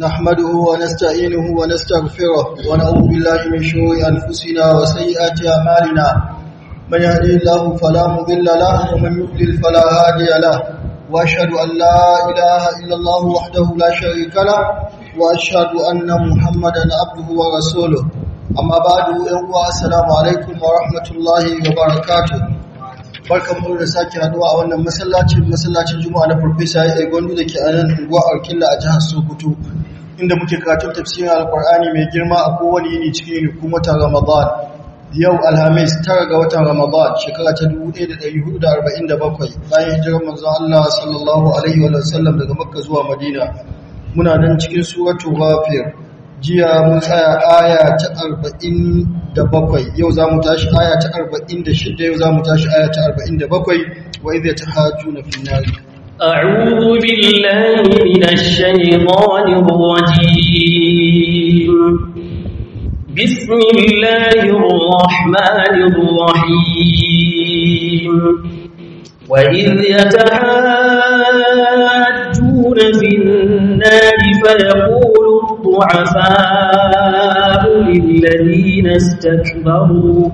نحمده ونستعينه ونستغفره ونعوذ بالله من شرور أنفسنا وسيئات أعمالنا من يهدي الله فلا مضل له ومن يضلل فلا هادي له وأشهد أن لا إله إلا الله وحده لا شريك له وأشهد أن محمدا عبده ورسوله أما بعد السلام عليكم ورحمة الله وبركاته barkan mu da sake haduwa a wannan masallacin masallacin juma'a na professor ya gwandu da ke a nan unguwa alkilla a jihar sokoto inda muke karatun tafsirin alkur'ani mai girma a kowane yini cikin yini kuma ta ramadan yau alhamis tara ga watan ramadan shekara ta bakwai. bayan hijirar manzo Allah sallallahu alaihi wa sallam daga makka zuwa madina muna nan cikin suratul ghafir jiya mun tsaya aya ta arba'in da bakwai yau za mu tashi aya ta arba'in da shida yau za mu tashi aya ta arba'in da bakwai wa idza tahajjuna fi nar a'udhu billahi minash shaitanir rajim bismillahir rahmanir rahim wa idza yatahajjuna النار فيقول الضعفاء للذين استكبروا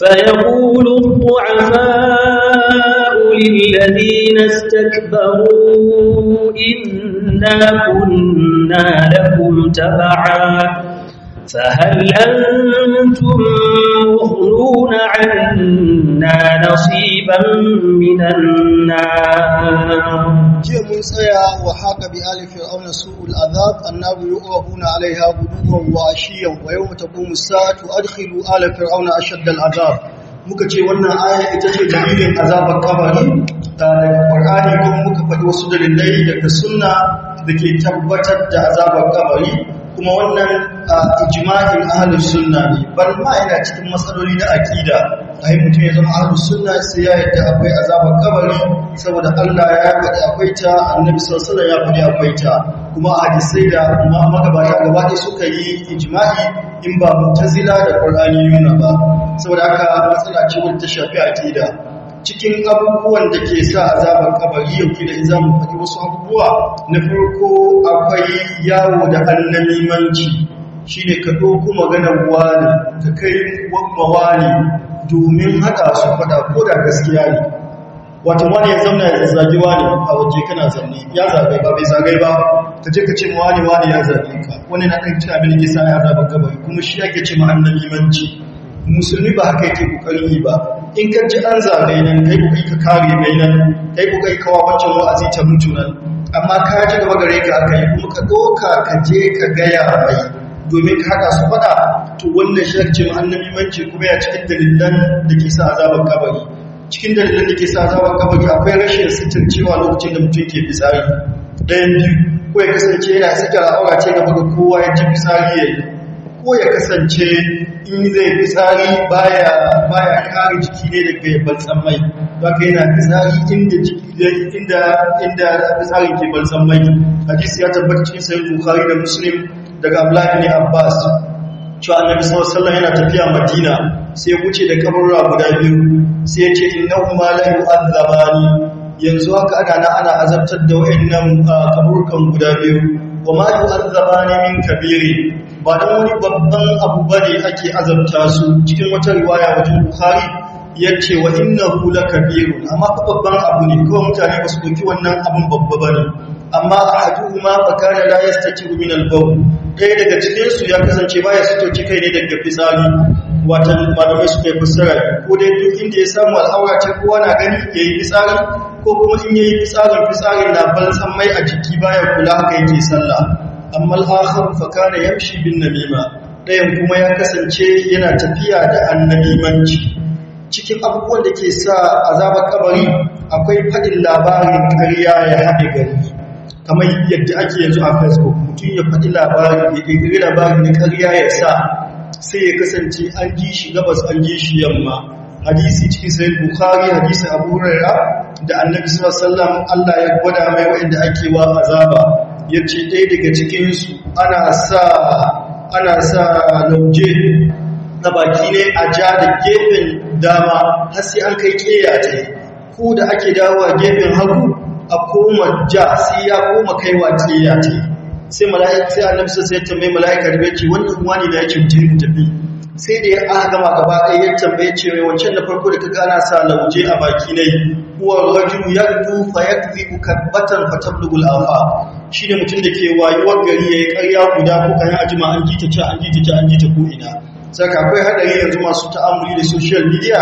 فيقول الضعفاء للذين استكبروا إنا كنا لكم تبعاً فهل أنتم مغنون عنا نصيبا من النار jiya mun tsaya wa haka bi ali fir'auna su'ul azab annabu yu'rabuna alaiha guduwan wa ashiyan wa yawma taqumu saatu adkhilu ala fir'auna ashadda al-azab muka ce wannan aya ita ce dalilin azabar kabari daga Qur'ani kuma muka faɗi wasu dalilai daga sunna ke tabbatar da azabar kabari kuma wannan ijma'in ahlus sunna ne bal ma yana cikin matsaloli na akida ai mutum ya zama ahlus sunna sai ya yadda akwai azabar kabari saboda Allah ya faɗi akwai ta annabi sallallahu alaihi ya faɗi akwai ta kuma a hadisai da kuma magabata gaba da suka yi ijma'i in ba mu'tazila da qur'aniyuna ba saboda haka matsala ce wadda ta shafi akida cikin abubuwan da ke sa azabar kabari yau da za mu faɗi wasu abubuwa na farko akwai yawo da annamimanci shi ne ka ɗauko maganar wani ka kai wammawa ne domin haɗa su faɗa ko da gaskiya ne wata wani ya zauna ya zage wani a waje kana zanne ya zagai ba bai zagai ba ka je ka ce wani wani ya zage ka wani na ɗan da ke sa ya zaɓar kabari kuma shi ake ce ma annamimanci musulmi ba haka yake kokarin yi ba in ka ji an zagaye nan kai kai ka kare mai nan kai ku kai kawa wancan wa'azi ta mutu nan amma ka ji gaba gare ka akayi, yi kuma ka doka ka je ka gaya mai domin ka haka su faɗa to wannan shirkin annabi manci kuma ya cikin dalilan da ke sa azabar kabari cikin dalilan da ke sa azabar kabari akwai rashin sitin cewa lokacin da mutum ke fitsari ɗayan biyu ko ya kasance yana sake a ce gaba ga kowa ya ji fitsari ya yi ko ya kasance in zai fisari baya baya kare jiki ne daga yaban mai za ka yana fisari inda jiki inda inda fisari ke balsan mai hadisi ya tabbata cikin sahih bukhari da muslim daga abdullahi ne abbas cewa annabi sallallahu alaihi yana tafiya madina sai wuce da kaburra guda biyu sai ya ce innahuma la yu'adhabani yanzu haka ana na ana azabtar da wayannan ah, kaburkan guda biyu wa ma yu'azzabani min kabiri ba da wani babban abu ba ne ake azabta su cikin wata riwaya wajen bukari ya ce wa inna hula Kabiru?" amma ka babban abu ne kawai mutane ba su ɗauki wannan abin babba ba ne amma a hadu ma fakana da yastakiru min al-bawl ɗaya daga cikin su ya kasance ba ya sito kai ne daga fitsari watan malamai su kai fassara ko dai duk inda ya samu al'aura ce kowa na gani ya yi fitsari ko kuma in yi fitsarin fitsarin na ban mai a jiki baya kula haka yake sallah amma al'akhar fa kana yamshi bin namima ɗayan kuma ya kasance yana tafiya da namimanci cikin abubuwan da ke sa a zabar kabari akwai faɗin labarin ƙariya ya haɗe gari kamar yadda ake yanzu a facebook mutum ya faɗi labarin ya ƙirƙiri labarin ƙariya ya sa sai ya kasance an ji shi gabas an ji shi yamma hadisi cikin sayin bukhari hadisi abu hurairah da annabi sallallahu Allah ya gwada mai wanda ake wa azaba yace ɗaya daga cikin su ana sa ana sa lauje na baki ne a ja da gefen dama har sai an kai keya ta ko da ake dawowa gefen hagu a koma ja sai ya koma kaiwa keya ta sai mala'ika sai annabi sai ya tambaye mala'ika da yake wannan wani da yake mutum tafi sai da ya gama gaba ɗaya ya tambaye cewa mai wancan da farko da ka ana sa lauje a baki ne huwa rajulu yadu fa yakdhibu kadbatan fa tablughu al shine mutum da ke wayuwar gari yayi ƙarya guda ko kayan ajima an jita ta an jita ta an jita ko ina saka akwai hadari yanzu masu ta'amuli da social media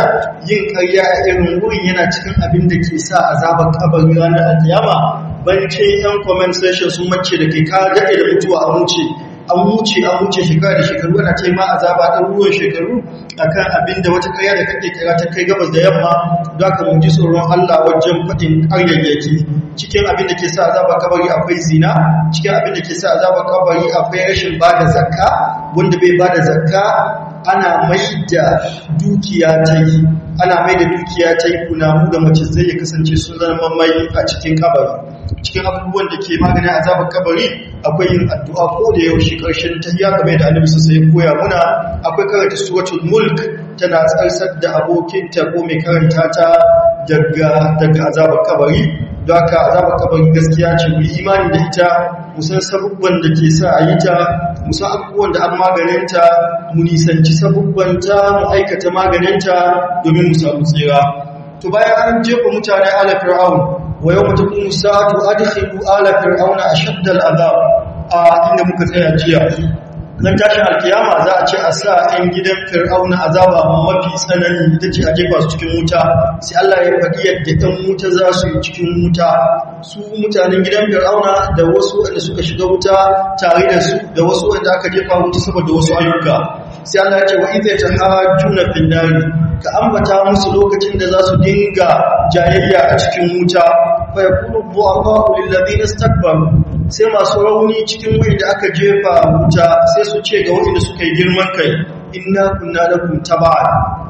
yin ƙarya a irin wurin yana cikin abin da ke sa azabar kabari ranar alkiyama bancin yan comment section sun mace da ke ka da mutuwa a wuce an wuce an wuce shekara da shekaru ana ce ma azaba ɗan ruwan shekaru akan abin da wata ƙarya da kake kira ta kai gabas da yamma za ka muji tsoron Allah wajen faɗin ƙaryayyaki cikin abin da ke sa azaba kabari akwai zina cikin abin da ke sa azaba kabari akwai rashin ba da zakka wanda bai ba da zakka ana mai da dukiya ta yi ana mai da dukiya ta yi kunamu da mace zai kasance sun zama mai a cikin kabari cikin abubuwan da ke maganin azabar kabari akwai yin addu'a ko da yaushe karshen yi game da Annabi sai ya koya muna akwai karanta suratul mulk tana tsarsar da abokinta ko mai karanta ta daga azabar kabari da aka azabar kabari gaskiya ce mu imani da ita musan sabubban da ke sa a yi ta musan abubuwan da an maganinta mu nisanci sabubbanta mu aikata maganinta domin mu samu tsira to bayan an jefa mutane ala fir'aun ويوم تقوم الساعة أدخلوا آل فرعون أشد العذاب inda muka tsaya jiya nan tashin alkiyama za a ce a sa 'yan gidan fir'auna azaba mafi tsanani ta ce a jefa su cikin wuta sai Allah ya faɗi yadda ɗan wuta za su yi cikin wuta su mutanen gidan fir'auna da wasu wanda suka shiga wuta tare da su da wasu wanda aka jefa wuta saboda wasu ayyuka sai Allah ya ce wa idza tahajjuna fil nar ka ambata musu lokacin da zasu dinga jayayya a cikin wuta fa yakunu du'aqa'u lil ladina istakbaru sai masu rauni cikin wuri da aka jefa wuta sai su ce ga wanda suka yi girman kai inna kunna lakum tab'a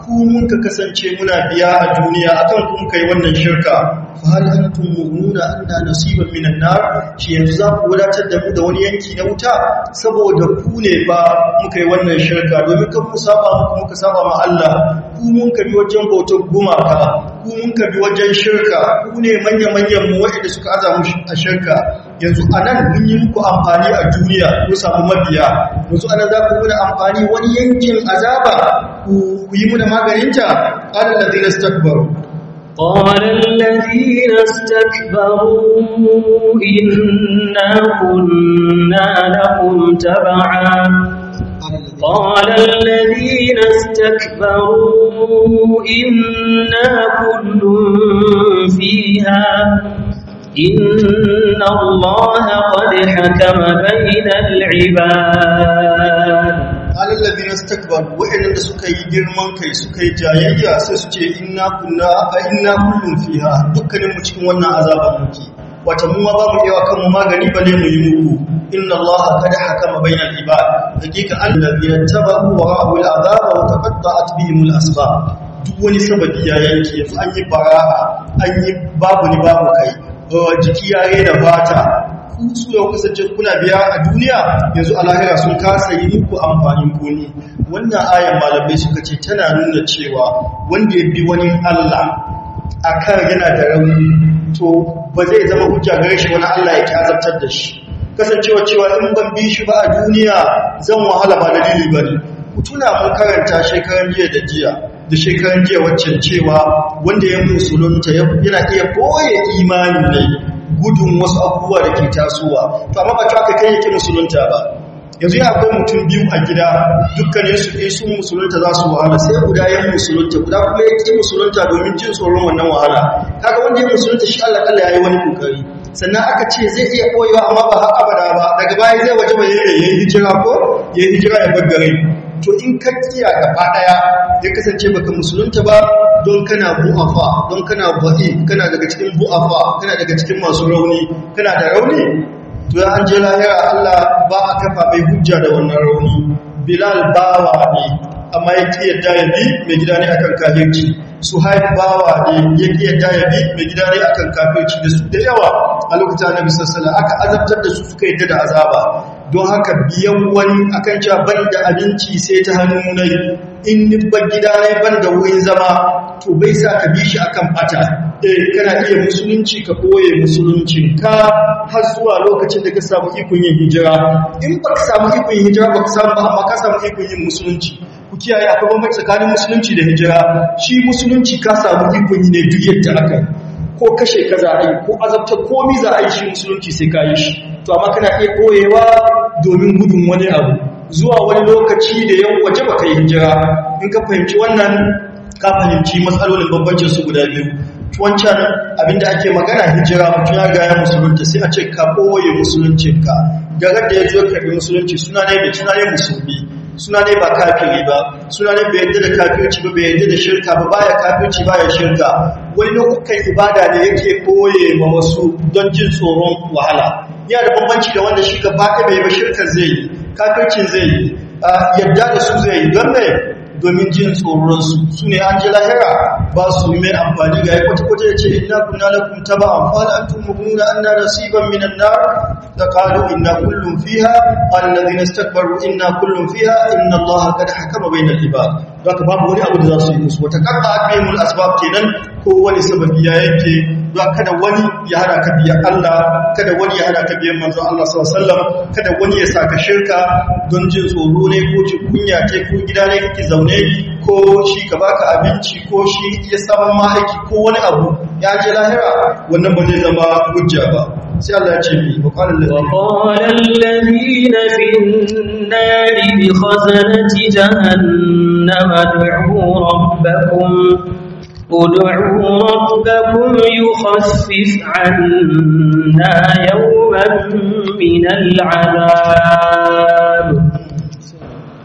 ku mun ka kasance muna biya a duniya akan kun kai wannan shirka fahal antum mu'minuna anna nasiban minan nar shi yanzu za ku wadatar da mu da wani yanki na wuta saboda ku ne ba muka yi wannan shirka domin kan mu saba muku muka saba ma Allah ku mun ka bi wajen bautar gumaka ku mun ka bi wajen shirka ku ne manya-manyan mu waɗanda suka aza mu a shirka yanzu anan mun yi muku amfani a duniya ku samu mabiya yanzu anan za ku muna amfani wani yankin azaba ku yi muna maganinta qala alladhina istakbaru قال الذين استكبروا إنا كنا لكم تبعا قال الذين استكبروا إنا كل فيها إن الله قد حكم بين العباد amma lallabi na stakbar wa'irin da suka yi girman kai suka yi jayayya sai su ce inna a inna kullum fiha dukkanin mu cikin wannan azabar muke wata mu ma babu yawa kanmu magani ba ne mu yi muku inna allaha kada hakama bainal ibad hakika a yattabu wa ra'u al'azaba wa taqatta'at bihim al'asbab duk wani sababi ya yanke an yi bara'a an yi babu ni babu kai jiki ya da fata ku kusan ce kuna biya a duniya yanzu a sun kasa yi ku amfanin goni wannan ayan malamai suka ce tana nuna cewa wanda ya bi wani Allah a kan yana da rauni to ba zai zama hujja gare shi wani Allah ya kyazartar da shi kasancewa cewa in ban bi shi ba a duniya zan wahala ba dalili ba ne tuna mun karanta shekaran jiya da jiya da shekaran jiya waccan cewa wanda ya musulunta yana iya boye imani ne gudun wasu abubuwa da ke tasowa to amma ba ka kai yake musulunta ba yanzu ya akwai mutum biyu a gida dukkanin su ɗin sun musulunta za su wahala sai guda ya musulunta guda kuma ya ƙi musulunta domin jin tsoron wannan wahala kaga wanda ya musulunta shi Allah kalla yayi wani kokari sannan aka ce zai iya koyewa amma ba har ba daga baya zai waje ba yayi hijira ko yayi hijira ya bar gari to in ka tsiya gaba daya ya kasance baka musulunta ba don kana bu'afa don kana ba'i kana daga cikin bu'afa kana daga cikin masu rauni kana da rauni to ya an je lahira Allah ba a kafa mai hujja da wannan rauni bilal bawa ne amma ya ki yadda ya bi mai gida ne akan kafirci suhaib bawa ne ya ki yadda ya bi mai gida ne akan kafirci da su da yawa a lokacin annabi sallallahu alaihi wasallam aka azabtar da su suka yadda da azaba don haka biyan wani akan cewa ban da abinci sai ta hannu nai in nibban gida ne ban da wurin zama to bai sa ka bi shi akan bata eh kana iya musulunci ka koye musuluncin ka har zuwa lokacin da ka samu ikon yin hijira in ba ka samu ikon yin hijira ba ka samu ba amma ka samu ikon yin musulunci ku kiyaye akwai bambanci tsakanin musulunci da hijira shi musulunci ka samu ikon yi ne duk yadda aka ko kashe ka za a yi ko azabta komi za a yi shi musulunci sai ka yi shi to amma kana iya koyewa domin gudun wani abu zuwa wani lokaci da ya waje baka yi hijira in ka fahimci wannan ka fahimci matsalolin bambancin su guda biyu wancan abinda ake magana hijira mutum ya gaya musulunci sai a ce ka koye ka. da da ya zo bi musulunci suna ne da suna ne musulmi suna ne ba kafiri ba suna ne bai yadda da kafirci ba bai yadda da shirka ba baya kafirci baya shirka wani nau'ukan ibada ne yake koye ma wasu don jin tsoron wahala yana da bambanci da wanda shi gaba baka bai ba shirka zai yi kafircin zai yi yadda da su zai yi don ne. domin jin tsoronsu su ne an ji lahira ba su mai amfani ga ya kwace kwata ya ce ina kuna na kunta ba amfani an tun mugunna an na nasiban minan na da kalu inna kullum fiha allazi na stakbaru inna kullum fiha inna allaha kada hakama bai na liba za ka babu wani abu da za su yi musu wata karɓa abin asbab kenan ko wani sababi ya yanke. don kada wani ya hana ka biya Allah kada wani ya hana ka biyan manzon Allah sallallahu alaihi wasallam kada wani ya saka shirka don jin tsoro ne ko ci kunya ce ko gida ne kake zaune ko shi ka baka abinci ko shi ya samu mahaifi ko wani abu ya je lahira wannan ba zai zama hujja ba sai Allah ya ce mi وقال الذين في النار بخزنة جهنم ادعوا ربكم ادعوا ربكم يخفف عنا يوما من العذاب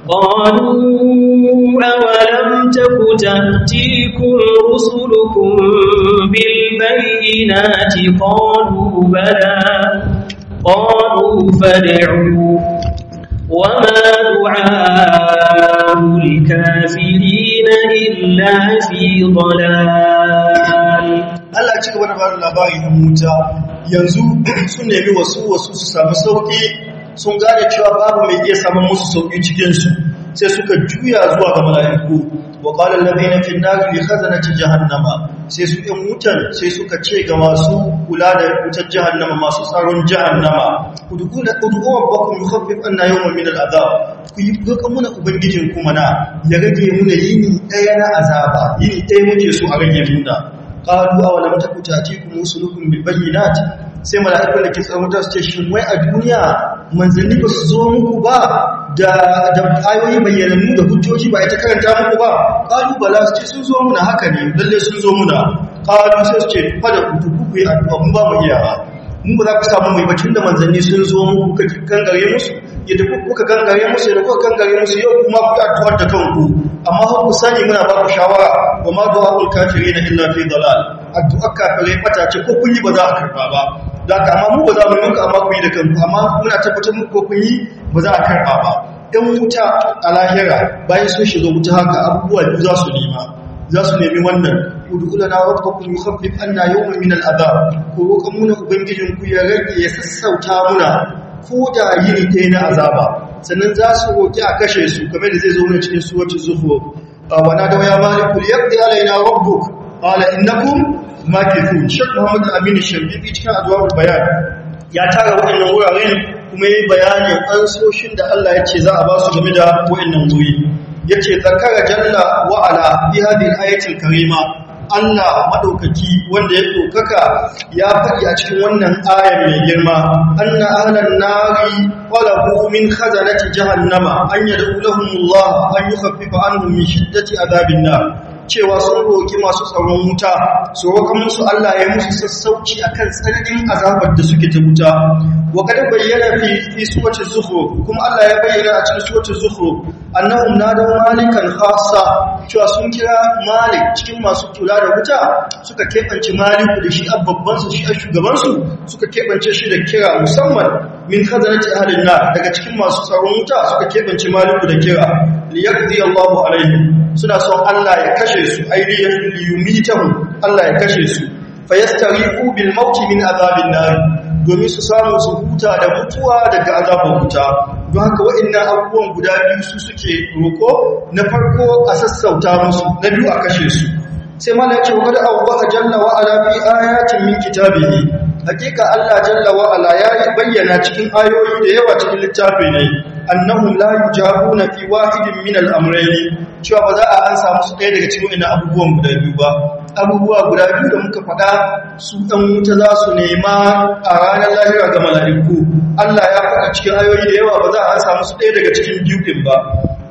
قالوا أولم تك تأتيكم رسلكم بالبينات قالوا بلى قالوا فادعوا وما دعاء الكافرين إلا في ضلال Allah ci gaba da bada labari na muta yanzu sun nemi wasu wasu su samu sauƙi sun gane cewa babu mai iya samun musu cikin cikinsu sai suka juya zuwa ga mala'iku wa qala allazina fi an-nar li khazanati jahannama sai su 'yan wutan sai suka ce ga masu kula da wutar jahannama masu tsaron jahannama kudukuna udkhulu rabbakum yukhaffif anna yawma min al-azab ku yi roƙon muna ubangijin kuma na ya rage muna yini ɗaya na azaba yini ɗaya muke so a rage muna qalu aw lam takutati kum rusulukum bil bayyinati sai mala'ikun da ke tsaron su ce shi wai a duniya manzanni ba su zo muku ba da ayoyi bayyanannu da hujjoji ba ita karanta muku ba ƙalu bala su ce sun zo muna haka ne lalle sun zo muna ƙalu sai su ce fada kutu kuku yi addu'a mun ba mu iya ba mun ba za ku samu mai bacin da manzanni sun zo muku kuka gangare musu yadda kuka gangare musu yadda kuka gangare musu yau kuma ku addu'ar da kanku amma ku sani muna ba ku shawara wa ma du'a ul kafirin illa fi dalal addu'a kafirai bata ce ko kun yi ba za a karba ba Da ka amma mu ba za mu yi muku amma ku yi da kanku amma muna tabbatar muku ko kun yi ba za a karɓa ba ɗan wuta a lahira bayan sun shiga wuta haka abubuwa biyu za su nema za su nemi wannan udula na wadda kun yi hafi anna yawon min aza ko roƙon muna ku ya rage ya sassauta muna ko da yin ɗaya na azaba sannan za su roƙi a kashe su kamar da zai zo mana cikin suwacin zuhu wa na da waya malikul yaqdi alaina rabbuk qala innakum makithu shek muhammad aminu shambibi cikin adwabul bayan ya tara waɗannan wuraren kuma yi bayanin soshin da Allah ya ce za a ba su game da waɗannan wuri Yace ce zakara jalla wa'ala bi hadin ayatul karima Allah maɗaukaki wanda ya ɗaukaka ya faɗi a cikin wannan ayar mai girma, anna ahlan nari ƙwalahu min khazanati jahannama an yadda ulahumullah an yi hafifa an min shiddati azabin nar. cewa sun roƙi masu tsaron wuta su roƙa musu Allah ya musu sassauci a kan tsananin azabar da suke ta wuta wa kada bayyana fi suwace zukhruf kuma Allah ya bayyana a cikin suwati zukhruf annahum da malikan khassa cewa sun kira malik cikin masu kula da wuta suka kebance maliku da shi a babban su shi a shugaban su suka keɓance shi da kira musamman min khazanati ahlin nar daga cikin masu tsaron wuta suka kebance maliku da kira liyaqdi Allahu alaihim suna son Allah ya kashe su aidiyar liyumitahu Allah ya kashe su fayastariqu bil mauti min azabin nar domin su samu su huta da mutuwa daga azabin wuta don haka wa'annan abubuwan guda biyu su suke roko na farko a sassauta musu na biyu a kashe su sai malaka ce wa Allah jalla wa ala bi ayatin min kitabihi hakika Allah jalla wa ala ya bayyana cikin ayoyi da yawa cikin littafin ne Annahu, la yujabuna fi wahidin min al-amrayn cewa ba za a samu su ɗaya daga cikin wannan abubuwan guda biyu ba abubuwa guda biyu da muka faɗa su ɗan wuta za su nema a ranar lahira ga mala'iku Allah ya faɗa cikin ayoyi da yawa ba za a samu su ɗaya daga cikin biyu ba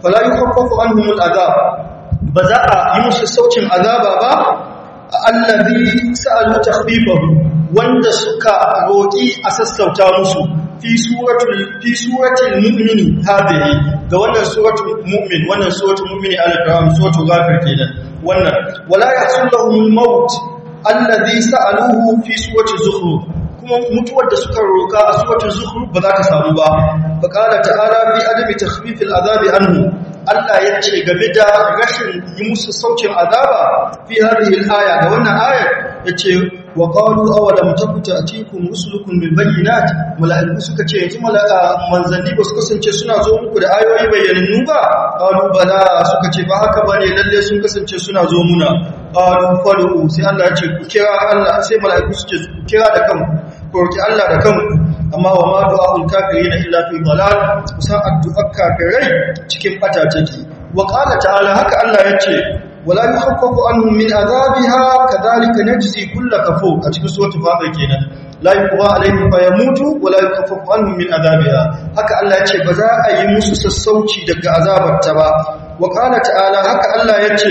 fala yukhaffafu anhum al-azab ba za a yi musu saucin azaba ba allazi sa'alu takhfifahu wanda suka roki a sassauta musu fi suratul fi suratul mu'mini hadhihi ga wannan suratul mu'min wannan suratul mu'mini al-karam suratul ghafir kenan wannan wala yahsulluhum al-maut allazi sa'aluhu fi suratul zukhruf kuma mutuwar da suka roka a suratul zukhruf ba za ta samu ba fa qala ta'ala fi adami takhfifil azabi anhu Allah ya ce game da rashin yi musu saukin azaba fi harin aya da wannan ayar ce wa qalu awalam a cikin musulukun bil na? mala'iku suka ce yanzu mala'a manzanni ba su kasance suna zo muku da ayoyi kawo ba da bala suka ce ba haka ba ne lalle sun kasance suna zo muna kawo fadu sai Allah ya ce ku kira Allah sai mala'iku su ce kira da kanku ku Allah da kanku amma wa ma ul na illa fi dalal kusan addu'ar kafirai cikin bata take wa qala ta'ala haka Allah yace wala yukhaffafu anhum min azabiha kadhalika najzi kull kafur a cikin suratul fatir kenan la yuqwa alaihim fa yamutu wala yukhaffafu anhum min azabiha haka Allah yace ba za a yi musu sassauci daga azabar ta ba wa qala ta'ala haka Allah yace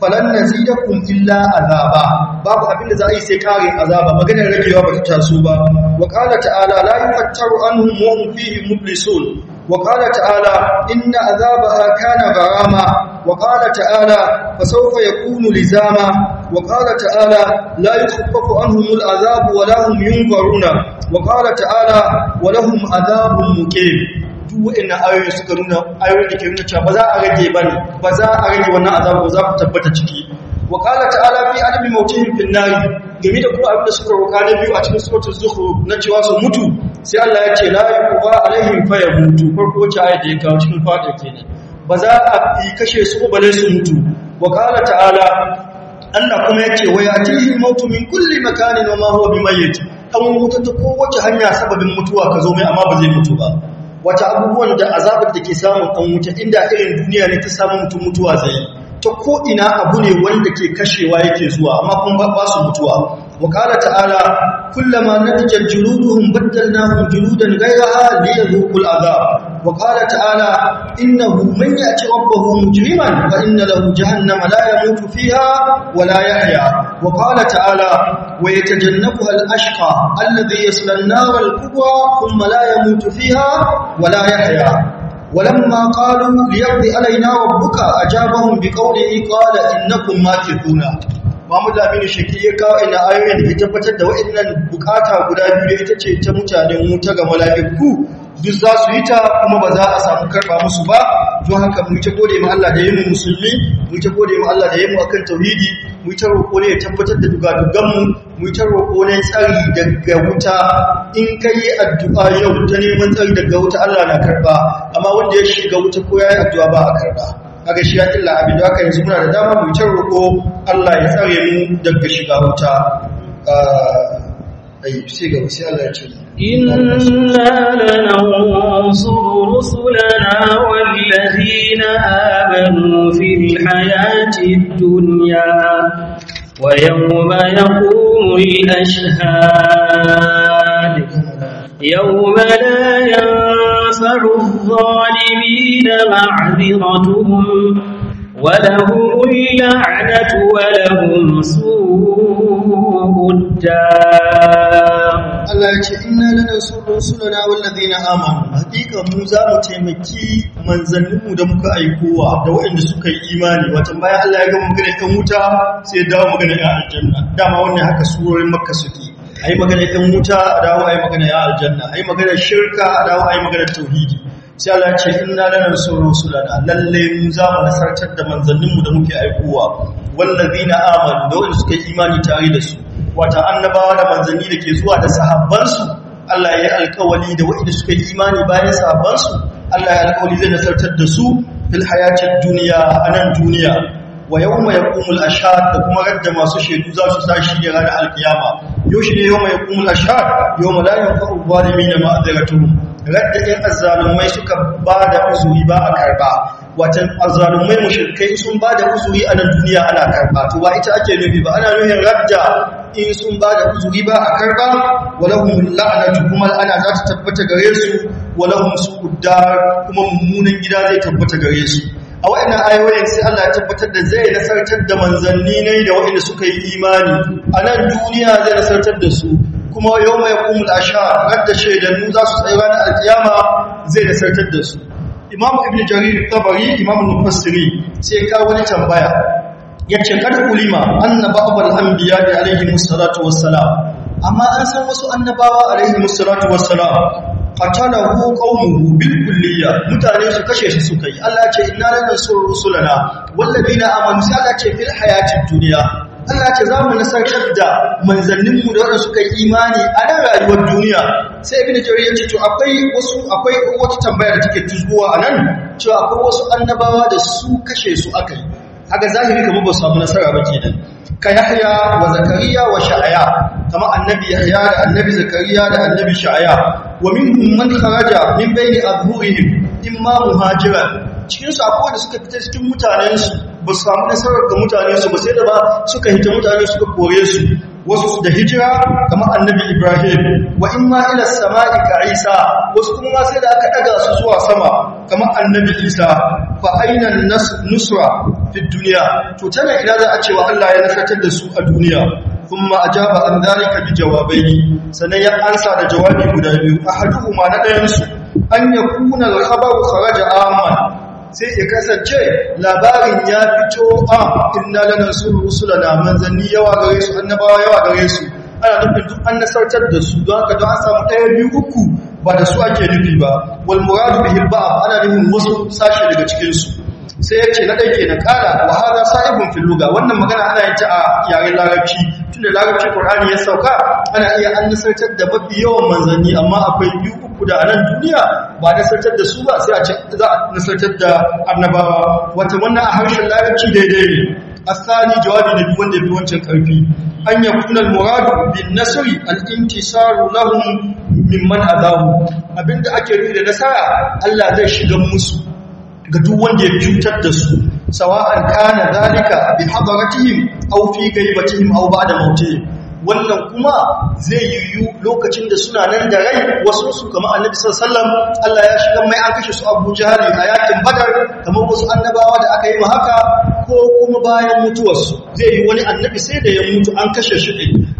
falan nazidakum illa azaba babu abinda za a yi sai kare azaba maganar ragewa ba ta taso ba wa qala ta'ala la yufattaru anhum wa hum fihi mublisun wa qala ta'ala inna azabaha kana gharama wa qala ta'ala fasawfa yakunu lizama وقال تعالى لا يخفف عنهم العذاب ولا هم ينظرون وقال تعالى ولهم عذاب مقيم duk waɗannan ayoyi suka nuna ayoyin da ke nuna cewa ba za a rage ba ne ba za a rage wannan azabu ba za ku tabbata ciki Wakala qala ta'ala fi adami mawtihim fin game da kuma abin da suka roka na biyu a cikin suratul zukhruf na cewa su mutu sai Allah ya ce la yuqba alaihim fayamutu farko wacce ayat da ya kawo cikin fadar kenan ba za a fi kashe su ba ne su mutu Wakala qala ta'ala Allah kuma ya ce wai yatihi mautu min kulli makanin wa ma huwa bimayyit an wuta ta kowace hanya sababin mutuwa ka zo mai amma ba zai mutu ba wata abubuwan da azabar da ke samun an wuta inda irin duniya ne ta samun mutum mutuwa zai ta ko'ina abu ne wanda ke kashewa yake zuwa amma kun ba su mutuwa wakala ta'ala kullama natijar jirudan baddalnahum juludan ghayraha liyadhuqul aza. wakala ta'ala innahu man ya'ti rabbahu mujriman fa inna lahu jahannama ya yamutu fiha wa la yahya وقال تعالى ويتجنبها الأشقى الذي يصلى النار الكبرى ثم لا يموت فيها ولا haya. ولما قالوا ليقضي علينا ربك أجابهم بقوله قال إنكم ماكثون Mahmud Lamini Shaki ya kawo ina ayoyin da ya tabbatar da waɗannan bukata guda biyu ita ce ta mutanen mu ta ga mala'iku duk za su yi ta kuma ba za a samu karba musu ba don haka mu ta gode ma Allah da yayin musulmi mu ta gode ma Allah da yayin akan tauhidi mu ta roƙo ne tabbatar da duga dugan mu mu ta roƙo ne tsari daga wuta in kai addu'a yau ta neman tsari daga wuta Allah na karba amma wanda ya shiga wuta ko yayi addu'a ba a karba kaga shi ya illa abin da aka yanzu muna da dama mu ta roƙo Allah ya tsare mu daga shiga wuta ah, إنا لننصر رسلنا والذين آمنوا في الحياة الدنيا ويوم يقوم الأشهاد يوم لا ينفع الظالمين معذرتهم ولهم اللعنة ولهم سوء الدار Allah ya ce inna lana rusulana wallazina amanu hakika mu za mu taimaki manzanninmu da muka aikowa da waɗanda suka yi imani wata bayan Allah ya ga mun gane wuta sai ya dawo magana ya aljanna dama wannan haka surorin makka suke ayi magana kan wuta a dawo ayi magana aljanna ayi magana shirka a dawo ayi magana tauhidi sai Allah ce inna lana rusulana lalle mu za mu nasartar da manzanninmu da muke aikowa wallazina amanu da wanda suka yi imani tare da su wata annabawa da manzanni da ke zuwa da sahabbansu Allah ya yi alkawali da wainda suka yi imani bayan sahabbansu Allah ya alkawali zai nasartar da su fil duniya a anan duniya wa mai yaqumul Ashar da kuma radda masu shaidu za su tashi da ranar alkiyama yau shi ne yawma yaqumul ashhad yawma la yanfa'u zalimin ma'dhiratuhum radda ɗin azzalumai suka ba da uzuri ba a karba watan azzalumai mashirkai sun ba da uzuri a nan duniya ana karba to ba ita ake nufi ba ana nufin radda in sun ba da uzuri ba a karba walahum la'ana kuma ana za ta tabbata gare su su kudda kuma mummunan gida zai tabbata gare su a waɗannan ayoyin sai Allah ya tabbatar da zai nasartar da manzanni ne da waɗanda suka yi imani a nan duniya zai nasartar da su kuma yau mai kumul asha radda shaidannu za su tsaye ranar alkiyama zai nasartar da su imam ibn jarir tabari imam nufasiri sai ka wani tambaya Ya yace kad ulima annaba abul anbiya alaihi musallatu wassalam amma an san wasu annabawa alaihi musallatu wassalam qatalahu qaumuhu bil kulliya mutane su kashe shi suka yi Allah ce inna lanansur rusulana wallazina amanu Allah ce fil hayatid duniya. Allah ce za mu nasartar da manzanninmu da waɗanda suka yi imani a nan rayuwar duniya sai ibn jarir ya ce to akwai wasu akwai wata tambaya da take tuzuwa a nan cewa akwai wasu annabawa da su kashe su aka yi haka zahiri kamar ba su samu nasara ba kenan ka yahya wa zakariya wa sha'aya kama annabi yahya da annabi zakariya da annabi sha'aya wa minhum man kharaja min bayni adhurihim imma muhajira cikin su akwai da suka fita cikin mutanen su ba su samu nasarar ga mutane su ba sai da ba suka hita mutane suka kore su wasu da hijira kamar annabi ibrahim wa imma ila sama'i ka isa wasu kuma ma sai da aka daga su zuwa sama kamar annabi isa fa aina nusra fi duniya to tana ina za a wa Allah ya nasartar da su a duniya kuma a an zalika bi jawabai sannan ya ansa da jawabi guda biyu ahaduhuma na ɗayansu su an yakuna al-khabaru kharaja amman sai ya kasance labarin ya fito a ah, inna lana usula da manzanni yawa gare su annabawa yawa gare su ana nufin duk an nasartar da su don haka don an samu ɗaya biyu uku ba da su ake nufi ba wal muradu bihi ba ana nufin wasu sashe daga cikin su sai yace na dai na kara wa hada sa'ibun fil luga wannan magana ana yin ta a yaren larabci tunda larabci qur'ani ya sauka ana iya an nasartar da mafi yawan manzanni amma akwai biyu da a nan duniya ba nasartar da su ba sai a za a nasartar da annabawa wata wannan a harshen larabci daidai ne asali jawabi da wanda fi wancan karfi an yi al-muradu bin nasri al-intisaru lahum mimman azahu abinda ake nufi da nasara Allah zai shiga musu ga duk wanda ya cutar da su sawa'an kana zalika bi hadaratihim aw fi ghaibatihim aw ba'da mautihim wannan kuma zai yiwu lokacin da suna nan da rai wasu su kama annabi sallallahu Allah ya shiga mai an kashe su Abu Jahal a yakin Badar kamar wasu annabawa da aka yi ma haka ko kuma bayan mutuwarsu zai yi wani annabi sai da ya mutu an kashe shi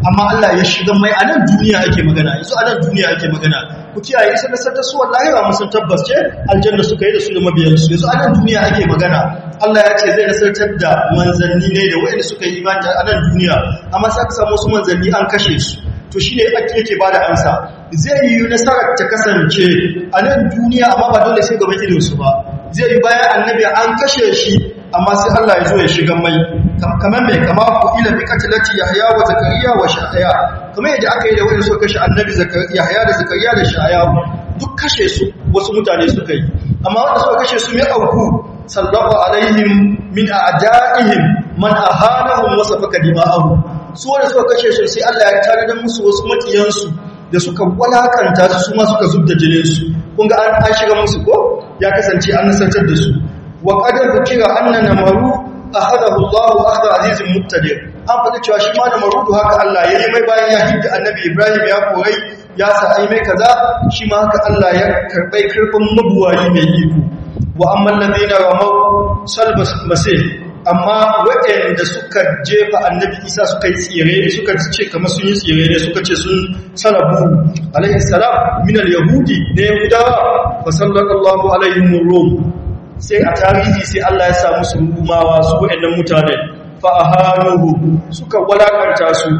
amma Allah ya shiga mai a nan duniya ake magana yanzu a nan duniya ake magana ku kiyaye isa nasar ta wallahi ba musun tabbas ce aljanna suka yi da su da mabiyansu yanzu a nan duniya ake magana Allah ya ce zai nasartar da manzanni ne da wayanda suka yi imani a nan duniya amma sai aka samu su manzanni an kashe su to shine yake bada da ansa zai yi nasarar ta kasance a nan duniya amma ba dole sai gaba su ba zai yi bayan annabi an kashe shi amma sai Allah ya zo ya shiga mai kamar mai kama ku ila bi katilati yahya wa zakariya wa sha'aya kamar yadda aka yi da wani suka kashe annabi yahya da zakariya da sha'aya duk kashe su wasu mutane suka yi amma wanda suka kashe su mai auku sallallahu alaihi min a'da'ihim man ahanahum wa safaka dima'ahum su wanda suka kashe su sai Allah ya tare da musu wasu su da suka walakanta su ma suka zubda jininsu kun ga an shiga musu ko ya kasance an nasartar da su wa qad kira anna namaru akhadahu Allah akhd azizin muqtadir an faɗi cewa shi ma namarudu haka Allah yayi mai bayan ya hidda annabi Ibrahim ya korai ya sa ai mai kaza shi ma haka Allah ya karbai kirfin mabuwayi mai iko wa amma alladhina salbas masih amma waɗanda suka jefa annabi isa suka yi tsire ne suka ce kamar sun yi tsire ne suka ce sun salabu alaihi salam minal yahudi ne yahudawa fa sallallahu alaihi wa sai a tarihi sai Allah ya samu musu rumawa su waɗannan mutane. fa ahanuhu suka walakanta su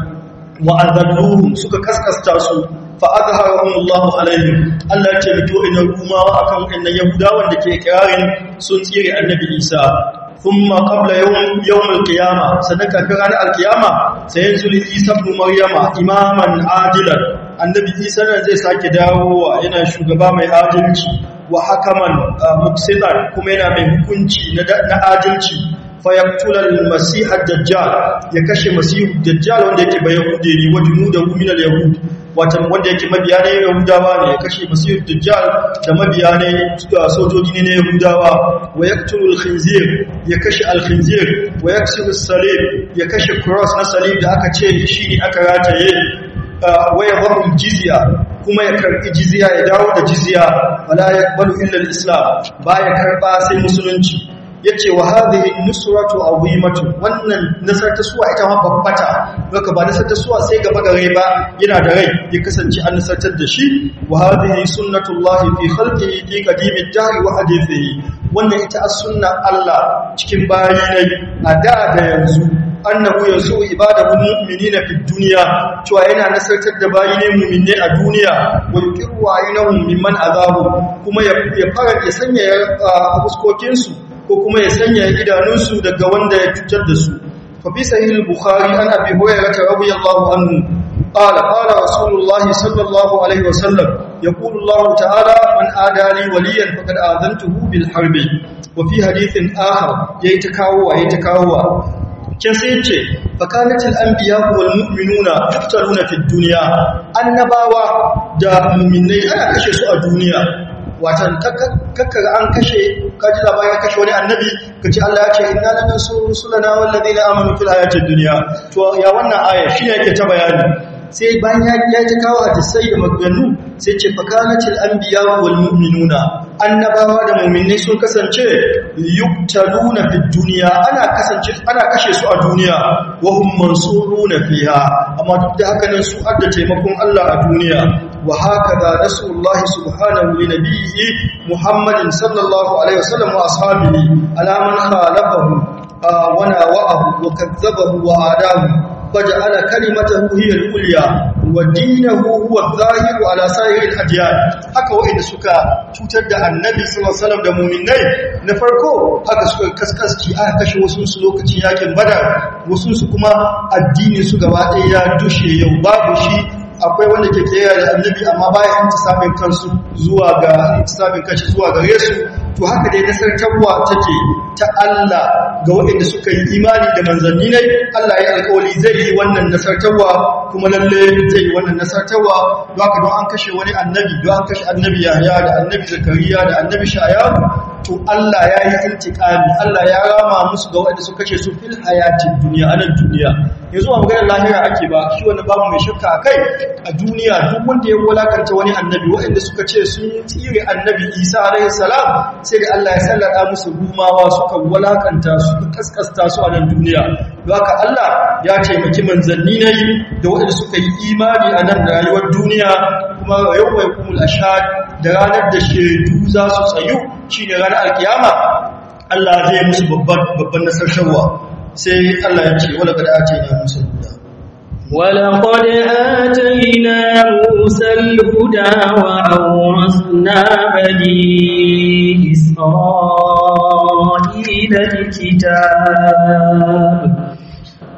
wa adalluhum suka kaskasta su fa azharahum Allah alaihim Allah ya tabbito idan rumawa akan waɗannan yahudawan da ke kirarin sun tsire annabi Isa ثم قبل يوم يوم القيامه سنك كان القيامه سينزل Isa ابن مريم imaman عادلا annabi Isa ne zai sake dawowa yana shugaba mai adalci wa hakaman uh, muksitan kuma yana mai hukunci na adalci fa Masihar dajjal ya kashe masihu dajjal wanda yake bayan hude ne wajen muda min yahud watan wanda yake mabiya ne yahudawa ne ya kashe masihu dajjal da mabiya ne uh, sojoji ne na yahudawa wa yaqtulul alkhinzir ya kashe alkhinzir wa ya yaksul salib ya kashe cross na salib da aka ce shi ne aka rataye waya babu jizya kuma ya karbi jizya ya dawo da jizya wala yaqbalu illa al-islam baya karba sai musulunci yace wa hadhihi nusratu azimatu wannan nasar ta suwa ita ma babbata haka ba nasar ta suwa sai gaba gare ba yana da rai ya kasance an nasartar da shi wa hadhihi sunnatullahi fi khalqihi fi qadimi dahi wa hadithihi wannan ita as-sunna Allah cikin bayi a da da yanzu annahu yanzu ibadatu mu'minina fid dunya cewa yana nasartar da bayi ne mu'minne a duniya wa yuqiru aynahum mimman azabu kuma ya fara ya sanya fuskokin su ko kuma ya sanya idanunsu daga wanda ya cutar da su fa fi sahih al-bukhari an abi hurairah radiyallahu anhu قال قال رسول الله صلى الله عليه وسلم يقول الله تعالى من آدى لي وليا فقد آذنته بالحرب وفي حديث آخر يتكاوى يتكاوى ke sai an biya anbiya wal mu'minuna taftaruna fid dunya annabawa da mu'minai ana kashe su a duniya watan kakkar an kashe kaji labarin kashe wani annabi kaji Allah ya ce inna lana rusulana wal ladina amanu fil hayatid duniya. to ya wannan aya shi ne yake ta bayani sai bayan ya ji kawo hadisai da maganganu sai ce fakanatil anbiya wal nuna. annabawa da mu'minai sun kasance yuktaluna fid duniya. ana kasance ana kashe su a duniya wa hum mansuruna fiha amma duk da haka nan su adda taimakon Allah a duniya wa haka hakaza rasulullahi subhanahu li nabiyyi muhammadin sallallahu alaihi wasallam wa ashabihi ala man khalafahu wa nawa'ahu wa kazzabahu wa adamu فجعل كلمته هي العليا ودينه هو الظاهر على سائر الاديان haka wanda suka cutar da annabi sallallahu alaihi da mu'minai na farko haka suka kaskaski aka kashe wasu su lokacin yakin badar wasu su kuma addini su gaba ɗaya ya dushe yau babu shi akwai wanda ke kiyaye da annabi amma baya sabin kansu zuwa ga sabin kanshi zuwa gare su to haka dai nasartarwa take ta Allah ga waɗanda suka yi imani da manzanni ne Allah ya alƙawari zai yi wannan nasartarwa kuma lalle zai yi wannan nasartarwa don haka don an kashe wani annabi don an kashe annabi Yahya da annabi Zakariya da annabi Shaya to Allah ya yi intiƙami Allah ya rama musu ga waɗanda suka kashe su fil hayatin duniya a nan duniya yanzu ba maganar lahira ake ba shi wani babu mai shakka a kai a duniya duk wanda ya wulakanta wani annabi waɗanda suka ce sun tsire annabi isa alaihi salam sai da Allah ya sallada musu rumawa suka wulakanta su kaskasta su a nan duniya don haka Allah ya taimaki manzanni yi da waɗanda suka yi imani a nan rayuwar duniya kuma yau mai kumul ashad da ranar da shaidu za su tsayu shine ranar alkiyama Allah zai musu babban babban nasarwa sai Allah ya ce wala kada a ce na musu huda ولقد آتينا موسى الهدى وأورثنا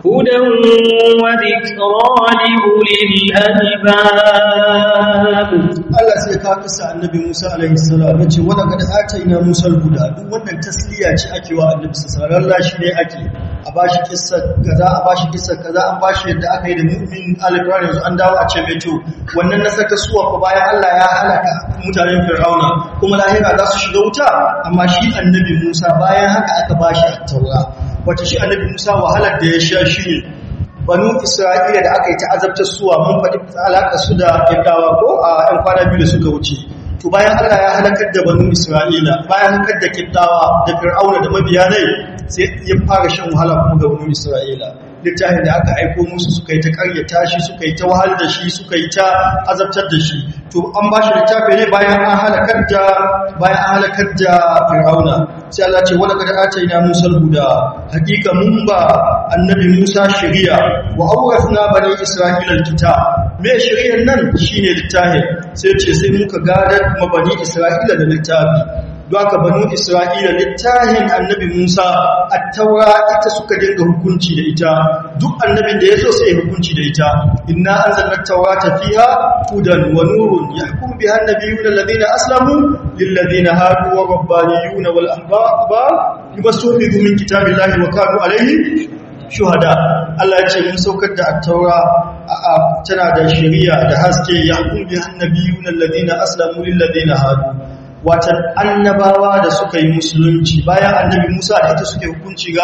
هدى وذكرى لأولي الألباب Allah sai ka kisa annabi Musa alaihi salam yace wanda kada ataina Musa al-huda duk wannan tasliya ce ake wa annabi sallallahu alaihi shi ne ake a bashi kissa kaza a bashi kissa kaza an bashi yadda aka yi da mu'min al-Qur'an yanzu an dawo a ce mai to wannan na saka suwa fa bayan Allah ya halaka mutanen Fir'auna kuma lahira za su shiga wuta amma shi annabi Musa bayan haka aka bashi at-Taura wata shi annabi Musa wahalar da ya sha shi ne banu Isra'ila da aka yi ta azabtar suwa mun faɗi alaƙa su da Yahudawa ko a ɗan kwana biyu da suka wuce to bayan Allah ya halakar da banu Isra'ila bayan halakar da Kiddawa da Fir'auna da mabiya mabiyanai sai ya fara shan wahala kuma ga banu Isra'ila littafin da aka aiko musu suka yi ta karyata shi suka yi ta wahal da shi suka yi ta azabtar da shi to an ba shi littafin ne bayan an halakar da bayan an halakar da fir'auna sai Allah ce wala kada ata ina Musa huda hakika mun ba annabi Musa shari'a wa awrasna bani Isra'ila kita. me shari'an nan shine littafin. sai ce sai muka gadar mabani Isra'ila da littafi duka banu isra'ila littahin annabi musa at-taura ita suka dinga hukunci da ita duk annabin da yazo sai hukunci da ita inna anzalna at-taurata fiha hudan wa nurun yahkum biha an-nabiyyuna alladhina aslamu lilladhina hadu wa rabbaniyuna wal ahbaba yubassuhu min kitabillahi wa kanu alayhi shuhada Allah ya ce mun saukar da at-taura tana da shari'a da haske yahkum biha an-nabiyyuna alladhina aslamu lilladhina hadu wata annabawa da suka yi musulunci bayan annabi Musa da ita suke hukunci ga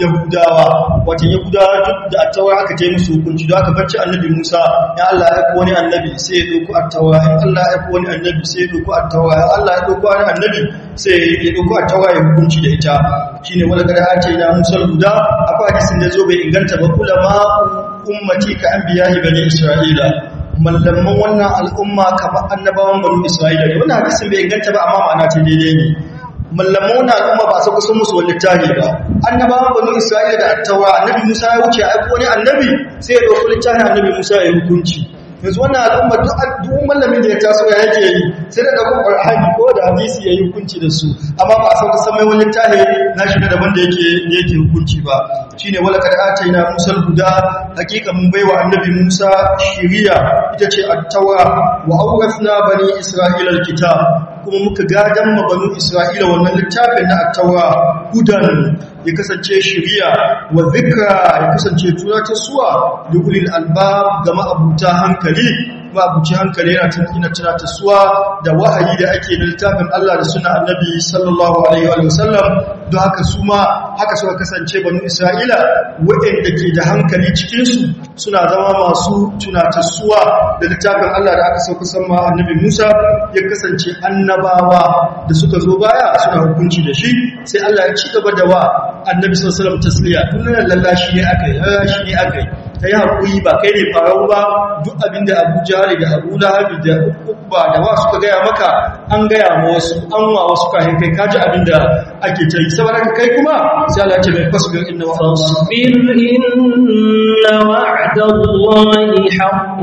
Yahudawa wata Yahudawa duk da attawa aka je musu hukunci don aka bacci annabi Musa ya Allah ya ko wani annabi sai ya doku attawa ya Allah ya ko wani annabi sai ya doku attawa ya Allah ya doku wani annabi sai ya doku attawa ya hukunci da ita shine wala kada a ce na Musa guda akwai hadisin da zo bai inganta ba kula ma ummati ka anbiya'i bani Isra'ila mallamman wannan al'umma kamar annabawan banu isra'ila ne wannan hadisin bai ganta ba amma ma'ana ta daidai ne mallamman wannan al'umma ba su kusan musu wani littafi ba annabawan banu isra'ila da attawa annabi musa ya wuce aiko wani annabi sai ya ɗauki littafin annabi musa ya yi hukunci yanzu wannan al'umma duk mallamin da ya taso ya yake yi sai da ɗaukar alhaji ko da hadisi ya yi hukunci da su amma ba a sauka samai wani tahe na shiga daban da yake yake hukunci ba shi ne wala kar'ata na musa guda hakika mun baiwa annabi musa shiriya ita ce attawa wa aurasna bani isra'ila alkitab kuma muka gadan ma isra'ila wannan littafin na attawa Gudan. ya kasance shiriya wa zikra ya kasance tunatarsuwa da ulil albab ga ma'abuta hankali ci hankali yana tunki na tana suwa da wahayi da ake da littafin Allah da suna annabi sallallahu alaihi wa sallam don haka su ma haka suka kasance banu isra'ila waɗanda ke da hankali cikinsu suna zama masu suwa da littafin Allah da aka sauka ma annabi musa ya kasance annabawa da suka zo baya suna hukunci da shi sai Allah ya ci gaba da wa annabi sallallahu alaihi wa sallam tasliya tun nan lallashi ne aka yi lallashi ne aka yi ta yi haƙuri ba kai ne farau ba duk abinda abu jari da abu harbi da Uba da wa suka gaya maka an gaya ma wasu an wa wasu kayan kai kaji abinda ake ta saboda ka kai kuma sai Allah ce mai ga inna wa fasbir inna Allah haqqun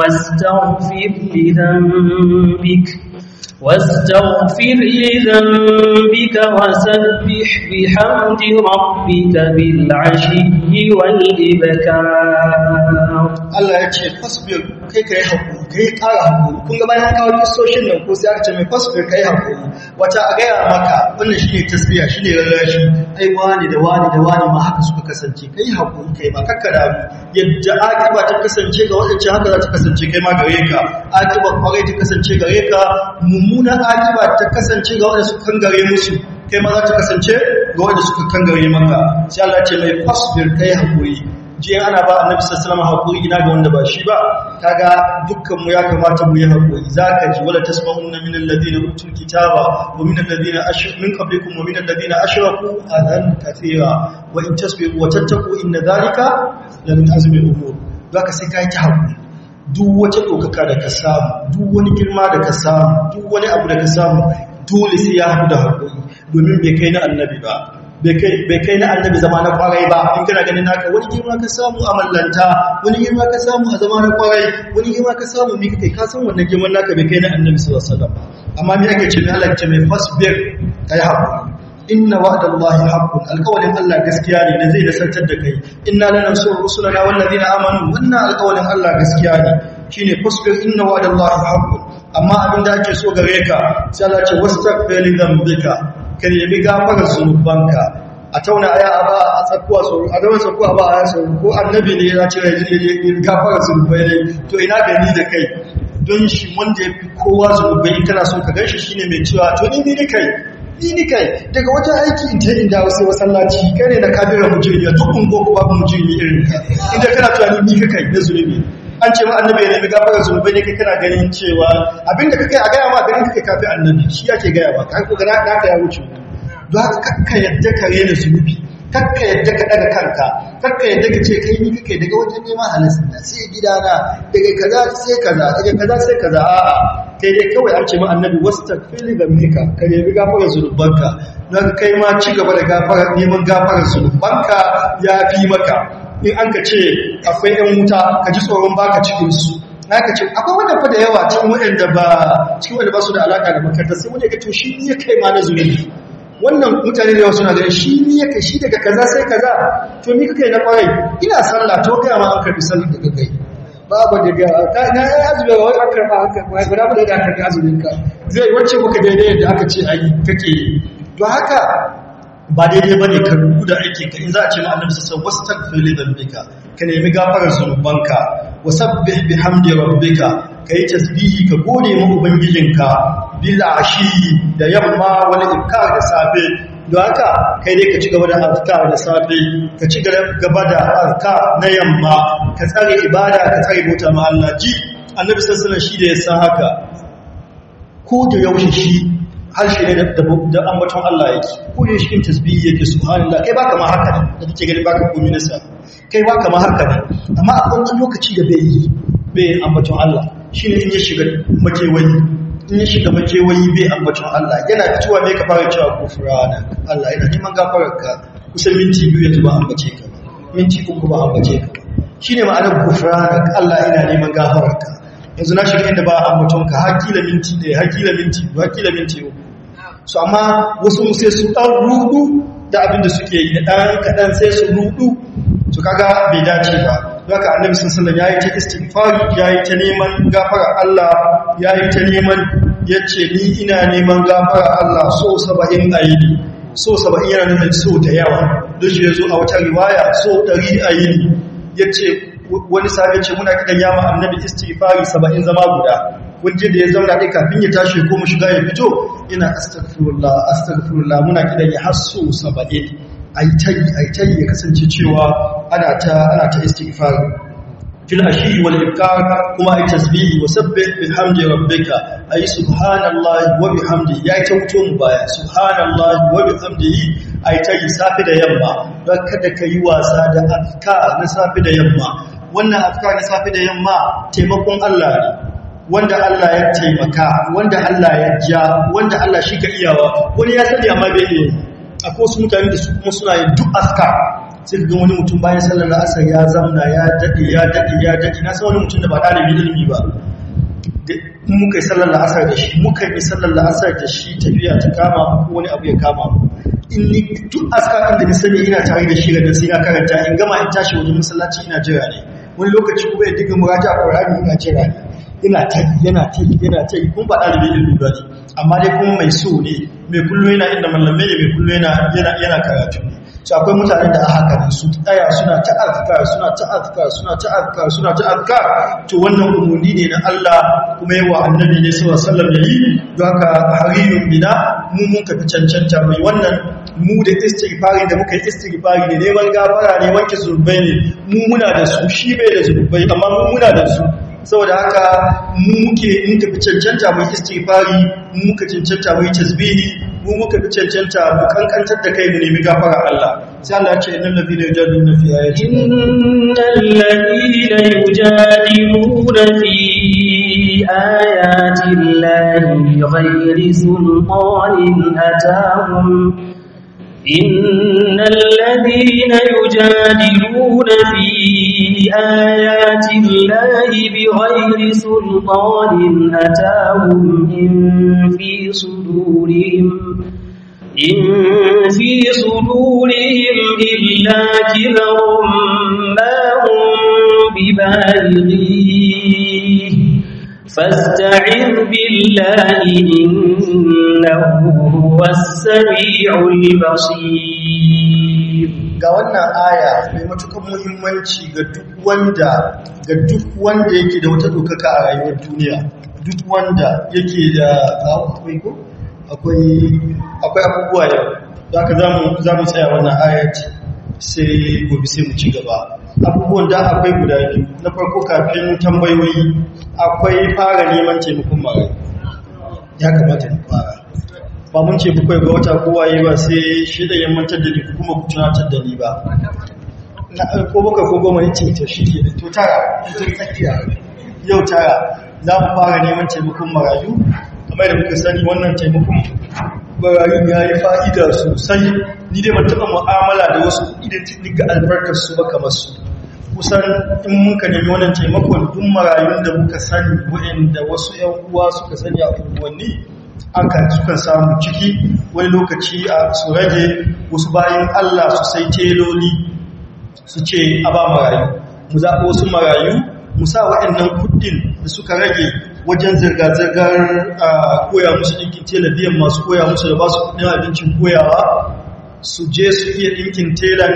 wastaghfir li واستغفر لذنبك وسبح بحمد ربك بالعشي والإبكار الله يكشف فاصبر كيف يحبون kai ƙara haƙuri kun ga bayan kawo kistoshin nan ko sai aka ce mai fasfir kai haƙuri wata a gaya maka wannan shi ne tasbiya shi ne rarrashi ai wani da wani da wani ma haka suka kasance kai haƙuri kai ba kakka da yadda akiba ta kasance ga waɗance haka za ta kasance kai ma gare ka akiba kwarai ta kasance gare ka mummuna akiba ta kasance ga waɗanda suka kangare musu kai ma za ta kasance ga waɗanda suka kangare maka sai Allah ce mai fasfir kai haƙuri jiya ana ba annabi sallallahu alaihi hakuri ina ga wanda ba shi ba kaga ga dukkanmu ya kamata mu yi hakuri zaka ji wala tasma'unna min alladhina utul kitaba wa min alladhina ashraku min qablikum wa min alladhina ashraku zan kathira wa in tasbiru wa tattaqu inna dhalika la min azmi al-umur zaka sai kai ta hakuri duk wata dokaka da ka samu duk wani girma da ka samu duk wani abu da ka samu dole sai ya haɗu da hakuri domin bai kai na annabi ba bai kai na annabi zama na kwarai ba in kana ganin naka wani girma ka samu a mallanta wani girma ka samu a zama na kwarai wani girma ka samu mai kai ka san wannan girman naka bai kai na annabi sallallahu alaihi wasallam amma me ake ce mai Allah ce mai fasbir kai hakuri inna wa'dallahi haqqun alqawlin Allah gaskiya ne da zai nasantar da kai inna lanansuru rusulana zina amanu wannan alqawlin Allah gaskiya ne shine fasbir inna wa'dallahi haqqun amma abin da ake so gare ka sai Allah ce wastaghfir li dhanbika ka nemi gafarar ka a tauna aya a ba a tsakuwa sauru a gaban tsakuwa ba a aya ko annabi ne ya ce gafarar zunubai ne to ina gani da kai don shi wanda ya fi kowa in kana so ka shi ne mai cewa to ni ni kai ni ni kai daga wajen aiki in ta inda wasu masallaci kai ne da kafin mujiyar duk ungo ko babu irin ka inda kana tunanin ni kai na zunubi an ce ma annabi ya nemi gafarar zunubai ne kai kana ganin cewa abinda kake a gaya ma ganin kake kafin annabi shi yake gaya ma kai ko ga naka ya wuce don haka kakka yadda ka rena zunubi kakka yadda ka daga kanka kakka yadda ka ce kai ni kake daga wajen neman halasta na sai gidana daga kaza sai kaza daga kaza sai kaza a'a kai dai kawai an ce ma annabi wastaghfir dhanbika ka nemi gafarar zunubanka don kai ma ci gaba da gafara neman gafarar zunubanka ya fi maka in an ka ce akwai 'yan wuta ka ji tsoron baka cikinsu na ka ce akwai wanda fa da yawa cikin waɗanda ba cikin wanda ba su da alaƙa da makaranta sai wanda ya to shi ne ya kai ma na zuri wannan mutane da yawa suna ganin shi ne ya kai shi daga kaza sai kaza to ni kake na kwarai ina sallah to kai ma an karbi sallah daga kai babu daga na yi azumi wai an karba an karba guda ba da aka karbi azumin ka zai wacce muka daidai yadda aka ce ai kake to haka ba daidai ba ne ka rubu da aikin ka in za a ce ma annabi sallallahu alaihi wasallam wastaghfir ka nemi gafarar zunubanka hamdi rubika Ka yi tasbihi ka gode ma ubangijinka bil ashi da yamma wani ka da safe don haka kai dai ka ci gaba da harka da safe ka ci gaba da harka na yamma ka tsare ibada ka tsare bota ma Allah ji annabi sallallahu shi da ya sa haka ko da yaushe shi harshe ne da ambaton Allah yake ko ya shi tasbihi yake subhanallah kai baka ma haka ne da kake ganin baka komi nasa kai baka ma haka ne amma a wannan lokaci da bai yi bai ambaton Allah shine in ya shiga makewayi in ya shiga makewayi bai ambaton Allah yana fitowa bai ka fara cewa gufrana Allah yana neman gafararka kusan minti biyu ya tuba ambace ka minti uku ba ambace ka shine ma'anar gufrana Allah yana neman gafararka yanzu na shirin da ba a mutum ka hakila minti ɗaya hakila minti hakila minti uku su amma wasu sai su ɗan rudu da abin da suke yi da ɗan kaɗan sai su rudu su kaga bai dace ba zaka annabi sun ya yi ta istighfari ya yi ta neman gafara Allah ya yi ta neman ya ce ni ina neman gafara Allah so saba'in a yi so saba'in yana nuna so da yawa duk ya zo a wata riwaya so ɗari a yi ya ce wani sabi ce muna kidan yama annabi istighfari 70 zama guda kun ji da ya zauna dai kafin ya tashi ko mu shiga ya fito ina astaghfirullah astaghfirullah muna kidan ya hasso 70 Aitai aitayi ya kasance cewa ana ta ana ta istighfari fil ashi wal ikar kuma ai tasbihi wa sabbih bihamdi rabbika ai subhanallahi wa bihamdi ya ta wuto mu baya subhanallahi wa bihamdihi ai ta safi da yamma don kada ka yi wasa da afka na safi da yamma wannan azkar na safi da yamma taimakon Allah ne wanda Allah ya taimaka wanda Allah ya ja wanda Allah shi ka iyawa wani ya sani amma bai iya akwai wasu mutane da su kuma suna yin duk azkar sai ga wani mutum bayan sallar asar ya zamna ya dade ya dade ya dade na san wani mutum da ba dalibi ilimi ba muka yi sallar la'asar da shi muka yi sallar la'asar da shi tafiya ta kama ko wani abu ya kama in ni duk askar da ni sani ina tare da shi da sai na karanta in gama in tashi wajen masallaci ina jira ne wani lokaci kuma ya diga muraja a ƙorani ina ce rani ina ta yi yana ta yi yana ta yi kun ba ɗalibi ilmi ba ne amma dai kuma mai so ne mai kullum yana inda mallamai ne mai kullu yana karatu ne su akwai mutane da haka ne su tsaya suna ta suna ta suna ta suna ta to wannan umarni ne na Allah kuma yawa annabi ne sallallahu alaihi yi, yayi don haka hariyun bina mu mun ka cancanta mai wannan mu da istighfari da muka yi istighfari ne neman gafara ne wanke zurbai ne mu muna da su shi bai da zurbai amma mu muna da su saboda haka mu muke in tafi cancanta mai istighfari mu muka cancanta mai tasbihi mu muka fi cancanta mu kankantar da kai mu nemi gafara Allah sai Allah ce innal ladina yujadiluna fi ayati innal ladina yujadiluna fi ayati llahi bighayri sultanin atahum إن الذين يجادلون في آيات الله بغير سلطان أتاهم إن في صدورهم إن في صدورهم إلا كبر ما هم ببالغين فاستعن بالله إنه هو السميع البصير ga wannan aya mai matukar muhimmanci ga duk wanda ga duk wanda yake da wata dokaka a rayuwar duniya duk wanda yake da akwai ko akwai akwai abubuwa yau da haka za mu tsaya wannan aya sai gobe sai mu ci gaba abubuwan da akwai guda biyu na farko kafin tambayoyi akwai fara neman taimakon mara ya kamata ni fara ba mun ce bukwai ga wata kowa yi ba sai shi da yammantar da ni kuma ku tunatar da ni ba na ko baka ko goma ne ce ta shi ke da to tara ta tsakiya yau tara za mu fara neman taimakon marayu kamar da muka sani wannan taimakon marayu ya yi fa'ida sosai ni dai ban taɓa mu'amala da wasu idan ga albarkar su ba kamar su kusan in muka nemi wannan taimakon duk marayun da muka sani waɗanda wasu ‘yan uwa suka sani a unguwanni aka suka samu ciki wani lokaci a su rage wasu bayan Allah su sai teloli su ce a ba marayu mu zaɓi wasu marayu mu sa waɗannan kuɗin da suka rage wajen zirga-zirgar koya musu ɗinkin tela biyan masu koya musu da ba su kuɗin abincin koyawa su je su iya ɗinkin telan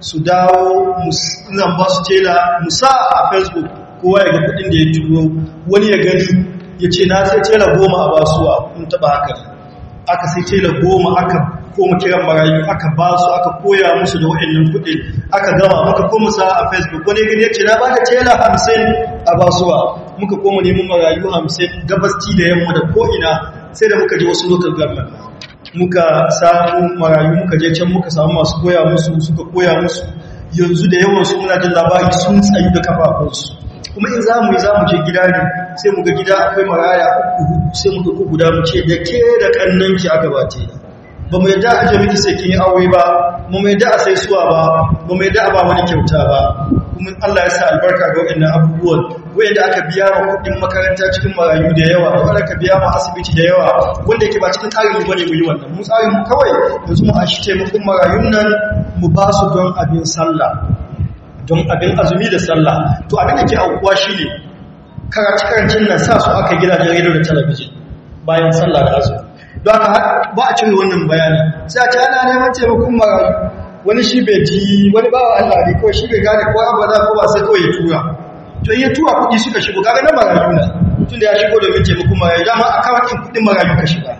su dawo nan ba su tela musa a facebook kowa ya ga kudin da ya turo wani ya gani ya ce na sai tela goma a basuwa kun taba haka aka sai tela goma aka koma kiran marayu aka ba aka koya musu da wa'annan kudin aka gama muka koma sa a facebook wani gani ya ce na ba da tela hamsin a basuwa muka koma neman marayu hamsin gabasti da yamma da ko'ina sai da muka ji wasu local government muka samu marayu muka je can muka samu masu koya musu suka koya musu yanzu da yawan su muna da labari sun tsayu da kafafunsu kuma in za mu yi za mu je gida ne sai mu gida akwai maraya uku sai muka ga guda mu ce da ke da kannanki aka ba ba mu yadda a jami'in sai yi aure ba mu mai a sai suwa ba mu mai da a ba wani kyauta ba kuma Allah ya sa albarka ga waɗannan abubuwan wanda aka biya wa kuɗin makaranta cikin marayu da yawa wanda aka biya ma asibiti da yawa wanda yake ba cikin tsarin mu bane mu yi wannan mu tsarin mu kawai yanzu mu ashi taimakon marayun nan mu ba su don abin sallah don abin azumi da sallah to abin da ke aukuwa shine karatu karancin nan sa su aka gidajen rediyo da talabijin bayan sallah da azumi don ba a cin wannan bayani sai a ce ana neman taimakon marayu wani shi bai ji wani bawa Allah ne ko shi bai gane ko an za ko ba sai kawai ya tura to ya tura kuɗi suka shigo kaga na marayu na tun da ya shigo domin taimakon marayu dama a kawo kin kuɗin marayu ka shiga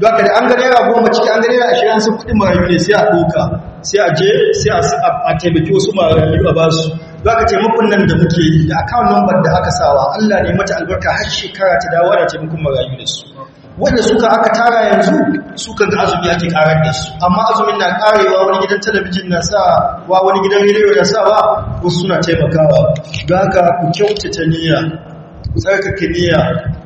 don haka da an ga naira goma ciki an ga naira ashirin sun kuɗin marayu ne sai a ɗoka sai a je sai a taimaki wasu marayu a basu za ka taimakon nan da muke yi da akawun lambar da aka sawa Allah ne mata albarka har shekara ta dawo da taimakon marayu da su wanda suka aka tara yanzu suka ga azumi ake karar da su amma azumin na karewa wani gidan talabijin na sa wa wani gidan rediyo na sa ba ko suna taimakawa don haka ku kyauta ta niyya tsarkake niyya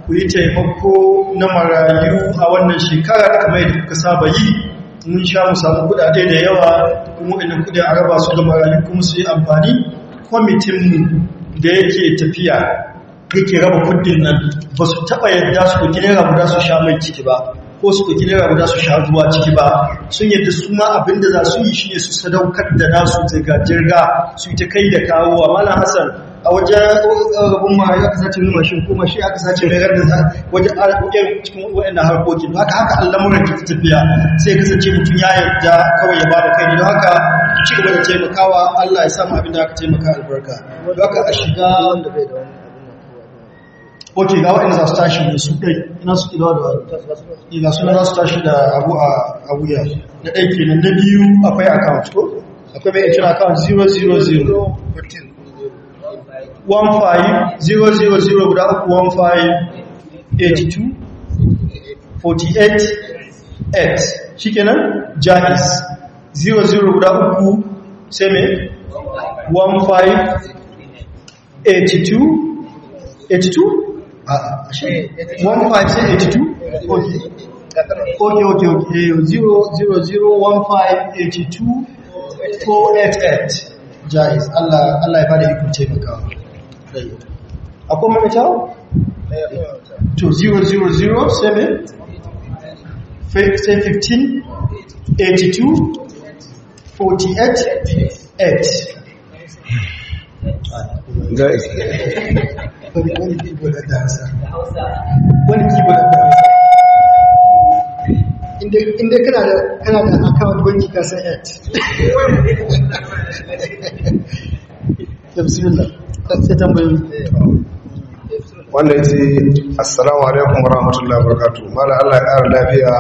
ku yi taimako na marayu a wannan shekara kamar yadda kuka saba yi mun sha mu samu kuɗaɗe da yawa kuma idan kuɗi a raba su ga marayu kuma su yi amfani kwamitinmu da yake tafiya yake raba kudin nan ba su taɓa yadda su ɗauki naira guda su sha mai ciki ba ko su ɗauki naira guda su sha ruwa ciki ba sun yadda su ma abin da za su yi shine su sadaukar da nasu jirga-jirga su yi ta kai da kawowa malam hasan a wajen rabin ma ya kasa cin mashin kuma shi aka sace mai ranar da wajen alƙoƙin cikin waɗanda harkokin don haka haka al'amuran ke tafiya sai kasance mutum ya yarda kawai ya bada kai ne don haka ci gaba da taimakawa Allah ya samu abin da aka taimaka albarka don haka a shiga wanda bai da wani ok ga waɗanda za su tashi da su ɗai ina su ƙidawa da wani eh, ga suna za su tashi da abu a wuya na ɗai kenan na biyu akwai account ko akwai mai cin account 000 000 guda uku 15 82 48 eight shi kenan janis 00 guda uku five, 15 82 82 15 sai 82 okay okay okay 0001582488 Allah Allah ya bada ikon taimakawa akwai mai tawo to 000 7 15 82 48 8 jaiz wani wani keyboard da hausa wani keyboard da hausa inda kana da kana da account banki ka san bismillah wanda yace assalamu alaikum warahmatullahi wabarakatuh mala Allah ya ƙara lafiya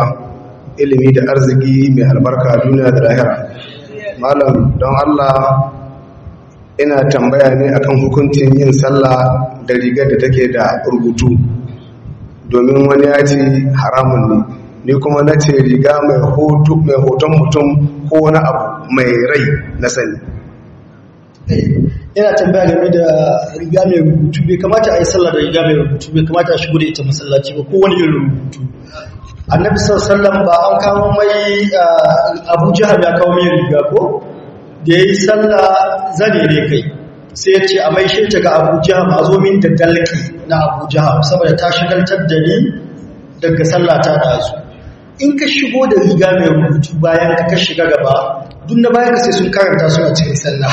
ilimi da arziki mai albarka duniya da lahira malam don Allah ina tambaya ne akan hukuncin yin sallah da rigar da take da rubutu domin wani ya ce haramun ne ni kuma na ce riga mai hoton mutum ko wani abu mai rai na sani yana eh, tambaya game da riga mai rubutu bai kamata a yi sallah da riga mai rubutu bai kamata a shigo da ita masallaci ba ko wani yin rubutu annabi sallallahu alaihi wasallam ba an kawo mai ah, abu jihar ya kawo mai riga ko da yayi sallah zane ne kai sai ya ce a maishe ta ga Abuja ma zo min da dalki na Abuja saboda ta shigaltar da ni daga sallah ta da su in ka shigo da riga mai rubutu bayan ka ka shiga gaba duk na bayan ka sai sun karanta suna cikin sallah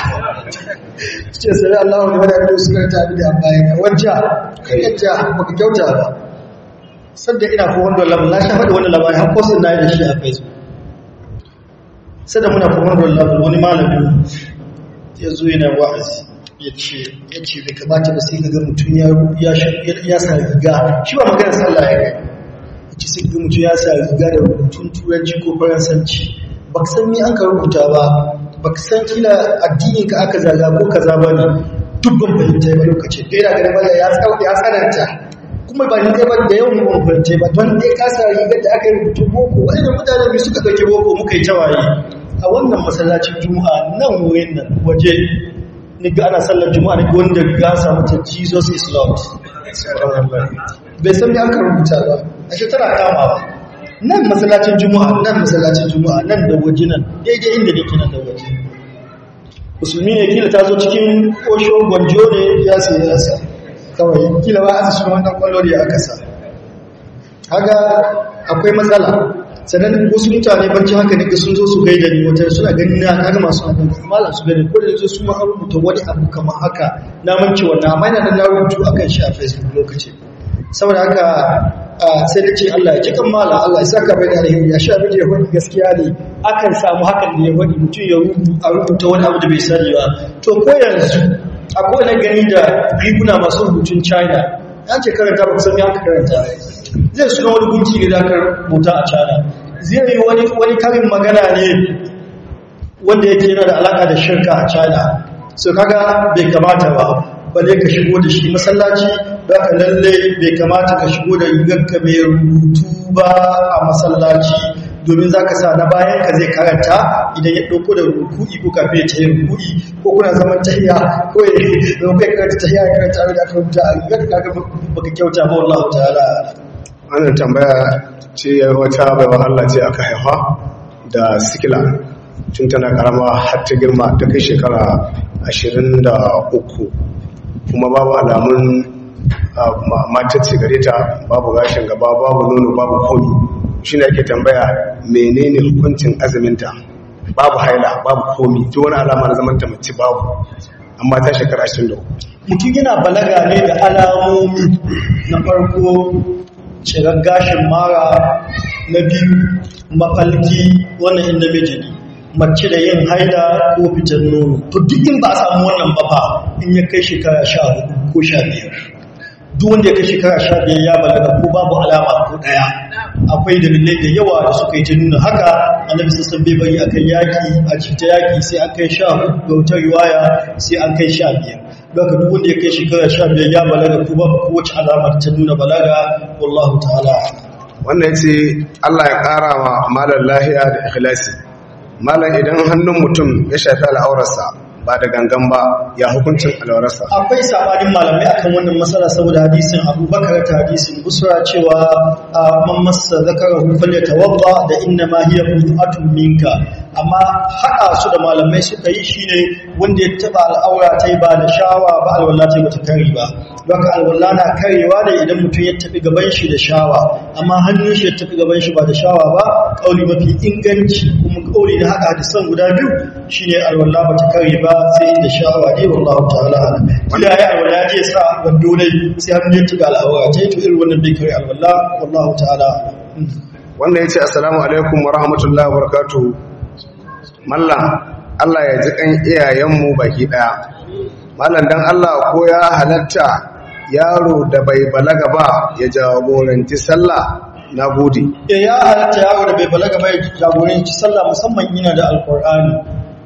ce sallah Allah ne wanda ya su karanta da bayan ka wajja kai ba baka kyauta ba sanda ina ko wanda lamun na shafa da wannan labarin har sun na yi da shi a Facebook sai da muna kuma level wani malamin ya zo yana wa'azi ya ce bai kamata ba sai ga mutum ya sa riga shi ba magana sallah ya gani ya ce sai ga mutum ya sa riga da mutum turanci ko faransanci ba ka san ni an ka rubuta ba ba ka san kila addinin ka aka zaga ko kaza ba ne duk ban fahimta ba lokacin da gani ya tsananta kuma ba ni ba da yawan mu ba don dai kasa sa rigar da aka rubutu boko wani da mutane mai suka ɗauki boko muka yi tawaye a wannan masallacin juma'a nan wurin nan waje ni ga ana sallar juma'a ne wanda ga samu ta Jesus is Lord bai san me aka rubuta ba a shekara kama ba nan masallacin juma'a nan masallacin juma'a nan da waje nan daidai inda nake nan da waje musulmi ne kila ta zo cikin koshin gwanjo ne ya sai ya sa kawai kila ba a shirin wannan kwallori a aka sa akwai matsala sannan wasu mutane barci haka ne sun zo su gaida ni wata suna ganin na kaga masu da kuma su gani ko da yanzu su ma an mutum wani abu kamar haka na manci wannan amma yana da na rubutu akan shi a Facebook lokaci saboda haka sai da ce Allah ya ce kan mala Allah ya ka bai da alheri ya sha bije wani gaskiya ne akan samu hakan da ya wani mutum ya rubuta wani abu da bai sani ba to ko yanzu akwai na gani da riguna masu rubutun china ya ce karanta ba kusan yanka karanta zai suna wani gunki da aka a china zai yi wani karin magana ne wanda yake yana da alaka da shirka a china so kaga bai kamata ba ne ka shigo da shi masallaci ba ka lalle bai kamata ka shigo da rigarka mai rubutu ba a masallaci domin za ka sa na bayan ka zai karanta idan ya ɗauko da rukuni ko kafe ya tayi rukuni ko kuna zaman tahiya ko ya zama kai karanta tahiya ya karanta abin da aka rubuta a rigar ka baka kyauta ba wallahu ta'ala An tambaya ce wata wa Allah ce aka haifa da sikila tun tana karama har ta girma ta kai shekara ashirin da uku kuma babu alamun ah, matar ce gare ta babu gashin gaba babu nono babu komi ne ake tambaya menene hukuncin azuminta babu haila babu komi to wani alama na zamanta mace babu amma ta shekara 23 mutum yana balaga ne da alamomi na farko shirar gashin mara na biyu mafalki wannan inda meji mace da yin haila ko fitar nono to duk in ba a samu wannan ba in ya kai shekara 14 ko 15 duk wanda ya kai shekara sha biyar ya balaga ko babu alama ko ɗaya akwai dalilai da yawa da suka yi ta nuna haka annabi sassan bai bari akan yaki a cikin yaki sai an kai sha hudu da wata riwaya sai an kai sha biyar daga duk wanda ya kai shekara sha biyar ya balaga ko babu kowace alama ta nuna balaga wallahu ta'ala wannan ce Allah ya ƙara wa malar lahiya da ikhlasi malar idan hannun mutum ya shafi al'aurarsa ba da gangan ba ya hukuncin alwararsa akwai sabanin malamai akan wannan matsala saboda hadisin abubakar ta hadisin busra cewa man massa zakara ta waffa, tawabba da inna ma hiya qut'atun minka amma haɗa su da malamai suka yi shi ne wanda ya taɓa al'aura ta yi ba da shawa ba alwala ta yi bata kare ba don alwala na karewa ne idan mutum ya tafi gaban shi da shawa amma hannun shi ya tafi gaban shi ba da shawa ba ƙauli mafi inganci kuma ƙauli na haɗa da san guda biyu shine alwala ba ta kare ba sai yin da shawa ne wallahu ta'ala alam wanda ya alwala ya je sa wando ne sai hannun ya taɓa al'aura ta yi to irin wannan bai kare alwala wallahu ta'ala wannan ya ce assalamu alaikum wa rahmatullahi wa barakatuhu malla Allah ya ji kan iyayenmu baki ɗaya. mallam don Allah ko ya halatta yaro da bai balaga ba ya jagoranci sallah na gode eh, ya halatta yaro da bai balaga ba ya jagoranci sallah musamman yana da alkur'ani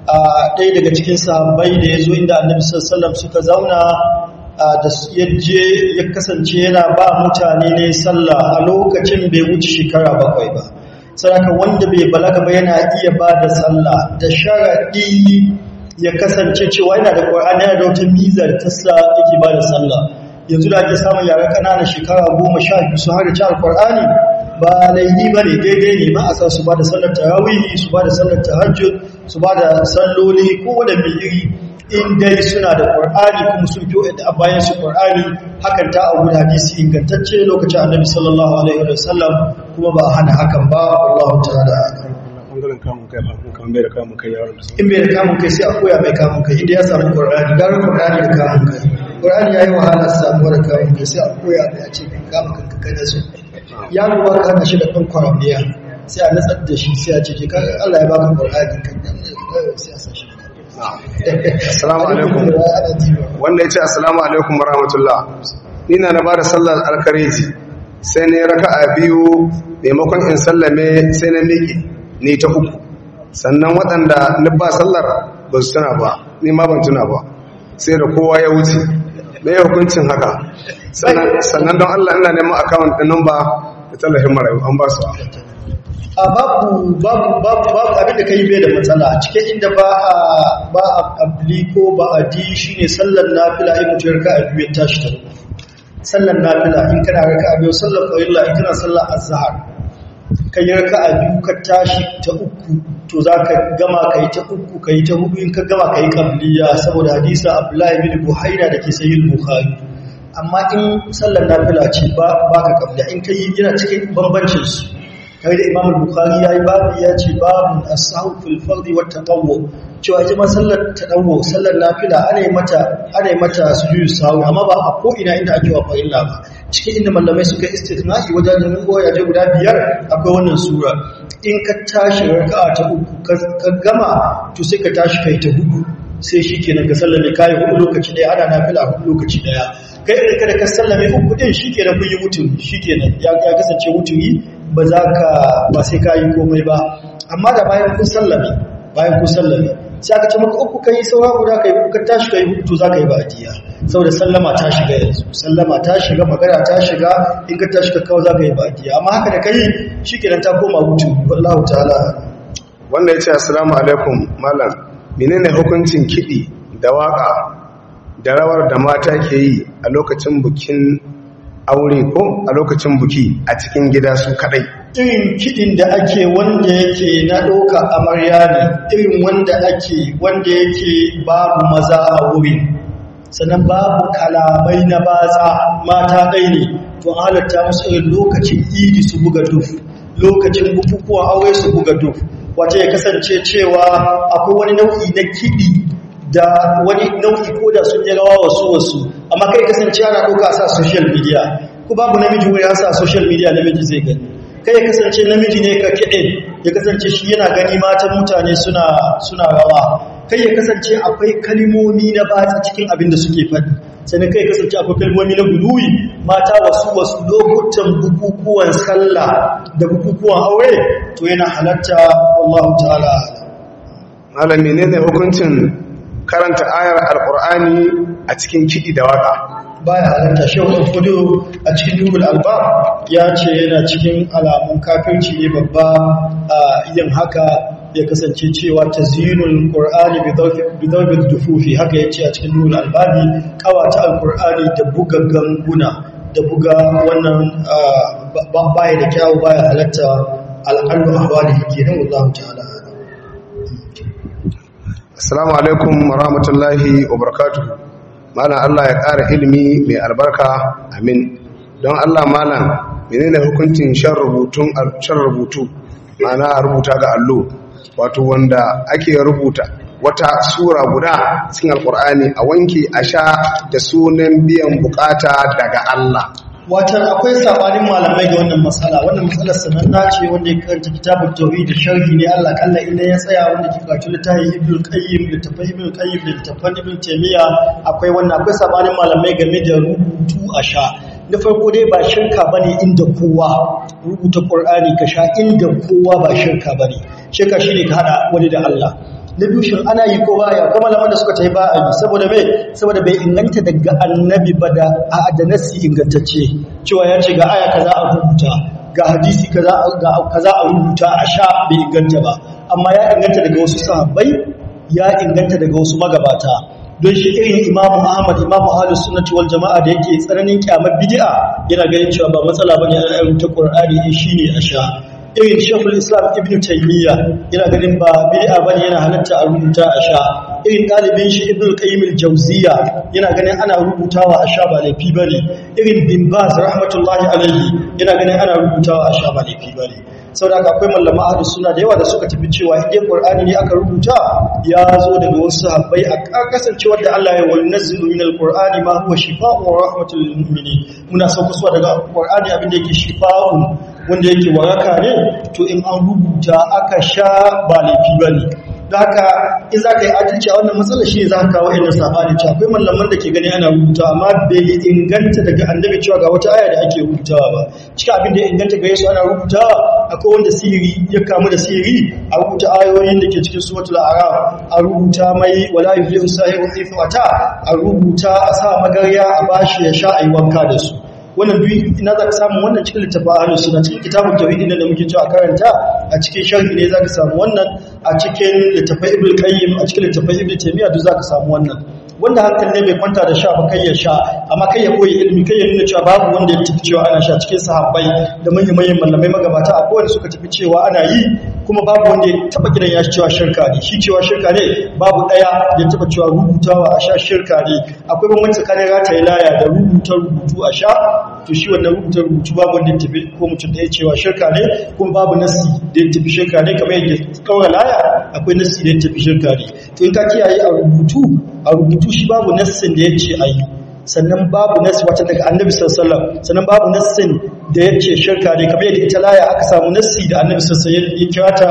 a ɗaya daga cikin sahabbai da ya zo inda annabi Sallam suka zauna da yaje ya kasance yana ba mutane ne sallah a lokacin bai wuce shekara bakwai ba sadaka wanda bai balaga ba yana iya ba da sallah da sharaɗi ya kasance cewa yana da ƙur'ani, yana da wata mizar ta sa yake ba da sallah yanzu da ake samun yara ƙananan shekara goma sha biyu su har ci Qur'ani ba laifi ba ne daidai ne ma a sa su ba da sallar tarawihi su ba da sallar tahajjud su ba da salloli ko da bai iri in dai suna da ƙwar'ani kuma sun fi da bayan su ƙwar'ani hakan ta abu da hadisi ingantacce lokacin annabi sallallahu alaihi wa sallam kuma ba a hana hakan ba wallahu ta'ala bangaren kamun kai ba kamun bai da kamun kai yaron in bai da kamun kai sai a koya mai kamun kai idan ya samu ƙwar'ani gara ƙwar'ani da kamun kai ƙwar'ani ya yi wahala da kamun kai sai a koya mai a ce mai kamun kanka kai da su yaro ba ka hana shi da kan kwaramiya sai a natsar da shi sai a ce ka Allah ya baka ƙwar'ani kan sai a sashi assalamu alaikum wanda ya ce assalamu alaikum rahmatullah ni na ba da sallar alkareji sai ne raka a biyu maimakon in sallame sai na miƙe ne ta uku sannan waɗanda na ba sallar ba su tuna ba ni ma ban tuna ba sai da kowa ya wuce mai hukuncin haka sannan don allah ina neman akawun ɗin ba da tallafin marayu an ba su a babu babu babu abin da kai bai da matsala cikin inda ba a ba a abli ko ba a di shine sallar nafila in mutum ka a biyu tashi ta sallar nafila in kana raka a biyu sallar qawilla in kana sallar azhar kan yi raka a biyu ka tashi ta uku to za ka gama ka yi ta uku ka yi ta hudu in ka gama ka yi qabliya saboda hadisa abdullahi bin buhaira da ke sahih bukhari amma in sallar nafila ce ba ka kabla in kai yana cikin bambancin su kai da Imam Bukhari yayi babu ya ce babu as fil fardi wat tatawwu cewa ita ma sallar tatawwu sallar nafila ana yi mata ana yi mata amma ba a ko ina inda ake wa fa'ila ba cikin inda mallamai suka istithna'i wajajen je guda biyar akwai wannan sura in ka tashi raka'a ta uku ka gama to sai ka tashi kai ta hudu sai shi kenan ka sallame kayi hudu lokaci daya ana nafila hudu lokaci daya kai da kada ka sallame uku din shi da kun yi mutum shikenan ya nan ya kasance mutumi ba za ka ba sai ka yi komai ba amma da bayan kun sallame bayan kun sallame sai aka ce maka uku kai saura guda kai uku ka tashi kai hutu za ka yi ba ba'diya saboda sallama ta shiga yanzu sallama ta shiga magana ta shiga in ka tashi ka kawo za ka yi ba ba'diya amma haka da kai shikenan nan ta koma hutu wallahu ta'ala Wannan ya ce assalamu alaikum malam menene hukuncin kiɗi da waƙa da rawar da mata ke yi a lokacin bukin aure ko a lokacin buki a cikin gida su kadai irin kidin da ake wanda yake na doka amarya ne irin wanda ake wanda yake babu maza a wuri sannan babu kalamai na batsa mata ɗai ne to halatta musu irin lokacin idi su buga duf lokacin bukukuwa aure su buga duf wace ya kasance cewa akwai wani nau'i na kiɗi da wani nau'i ko da sun yi rawa wasu wasu amma kai kasance yana ɗauka sa social media ko babu namiji wai ya sa social media namiji zai gani kai kasance namiji ne ka kiɗe ya kasance shi yana gani matan mutane suna suna rawa kai ya kasance akwai kalimomi na batsa cikin abin da suke faɗi sannan kai kasance akwai kalimomi na guluwi mata wasu wasu lokutan bukukuwan sallah da bukukuwan aure to yana halatta Allah ta'ala malam menene hukuncin karanta ayar alkur'ani a cikin kiɗi da waƙa baya halatta shaukan kudu a cikin dubul alba ya ce yana cikin alamun kafirci ne babba a yin haka ya kasance cewa ta zinul ƙor'ani bidaubin dufufi haka ya ce a cikin ne albani ƙawata alkur'ani da buga ganguna da buga wannan baya da kyawu baya halatta al'adu a wani hikinin wallahu assalamu alaikum wa rahmatullahi wa barakatuhu malam Allah ya ƙara ilimi mai albarka amin don Allah malam menene hukuncin shan rubutun shan rubutu ma'ana rubuta ga allo wato wanda ake rubuta wata sura guda cikin alkur'ani a wanke a sha da sunan biyan bukata daga Allah watan akwai sabanin malamai ga wannan matsala wannan matsalar sananna ce wanda ya karanta kitabun tauhid da sharhi ne Allah kalla idan ya tsaya wanda ke karatu littafin ibnu qayyim da tafai ibnu qayyim da tafan ibnu taymiya akwai wannan akwai sabanin malamai game da rubutu a sha na farko dai ba shirka bane inda kowa rubuta qur'ani ka sha inda kowa ba shirka bane shirka shine ka hada wani da Allah na dushin ana yi ko baya ko malaman da suka yi ba a yi saboda me saboda bai inganta daga annabi ba da a da nasi ingantacce cewa ya ce ga aya kaza a rubuta ga hadisi kaza ga a rubuta a sha bai inganta ba amma ya inganta daga wasu sahabbai ya inganta daga wasu magabata don shi irin imamu ahmad imamu ahlus sunnati wal jama'a da yake tsananin kyamar bid'a yana ganin cewa ba matsala bane a ta qur'ani shine a sha irin shekul islam ibn taimiyya yana ganin ba a bane yana halatta a rubuta a sha irin ɗalibin shi ibn qayyim Jauziya jawziya yana ganin ana rubutawa a sha ba laifi bane irin bin baz rahmatullahi yana ganin ana rubutawa a sha ba laifi bane saboda akwai mallama ahlus suna da yawa da suka tafi cewa idan qur'ani ne aka rubuta ya zo daga wasu sahabbai a kasancewar da Allah ya wannazilu min al-qur'ani ma huwa shifa'un wa rahmatul mu'minin muna sauka daga qur'ani abin da yake shifa'un wanda yake waraka ne to in an rubuta aka sha ba laifi ba ne da haka in za ka yi adalci a wannan matsalar shi ne za ka kawo yadda saɓani ta akwai mallaman da ke gani ana rubuta amma bai inganta daga annabi cewa ga wata aya da ake rubutawa ba cika abin da ya inganta ga su ana rubutawa akwai wanda sihiri ya kamu da sihiri a rubuta ayoyin da ke cikin suratul araf a rubuta mai wala yuflihu sahihu fi a rubuta a sa magarya a bashi ya sha ayi wanka da su wannan duk ina za ka samu wannan cikin littafin ahlus sunna cikin kitabun tauhid din da muke cewa karanta a cikin sharhi ne za ka samu wannan a cikin littafin ibnu qayyim a cikin littafin ibnu taymiyyah duk za ka samu wannan wanda hankali ne bai kwanta da sha ba kai ya sha amma kai ya koyi ilimi kai ya nuna cewa babu wanda ya tafi cewa ana sha cikin sahabbai da manyan mallamai magabata a kowane suka tafi cewa ana yi kuma babu wanda ya taba kiran ya cewa shirka ne shi cewa shirka ne babu daya da ya taba cewa rubutawa a sha shirka ne akwai bambanci tsakanin rataye laya da rubuta rubutu a sha to shi wannan rubuta rubutu babu wanda tafi ko mutum ya cewa shirka ne kuma babu nasi da ya tafi shirka ne kamar yadda kawai laya akwai nasi da ya tafi shirka ne to in ka kiyaye a rubutu a rubutu shi babu nasin da ya ce a yi sannan babu nasi wata daga annabi sallallahu sannan babu nasin da ya ce shirka ne kamar yadda ita laya aka samu nasi da annabi sallallahu ya kira ta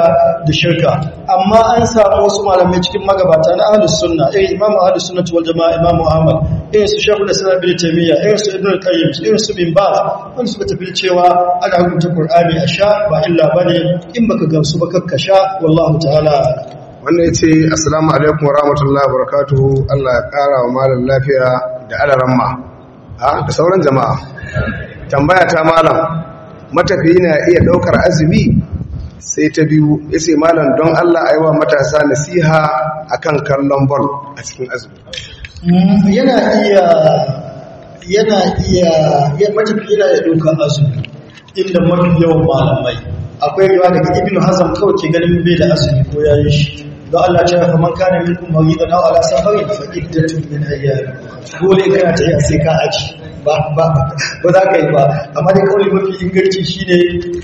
da shirka amma an samu wasu malamai cikin magabata na ahlus sunna eh imamu ahlus sunnati wal jamaa imamu ahmad irin su shekul islam bin taimiyya irin su ibn qayyim irin su bin ba wanda su tafi cewa ana hukunta qur'ani a sha ba illa bane in baka gamsu ba kakka sha wallahu ta'ala wannan yace assalamu alaikum wa rahmatullahi wa barakatuhu Allah ya kara wa malam lafiya da ma a da sauran jama'a tambaya ta malam matafiyi na iya daukar azumi sai ta biyu ya ce malam don Allah yi a wa matasa nasiha akan kallon ball a cikin azumi yana iya yana iya ya matafi azumi inda mafi yawan malamai akwai riwa daga ibnu hazam kawai ke ganin bai da azumi ko ya yi shi don Allah ce fa man kana minkum maridan aw ala safarin fa iddatun min dole kana ta yi sai ka aji ba ba ba za ka yi ba amma dai kauli mafi inganci shine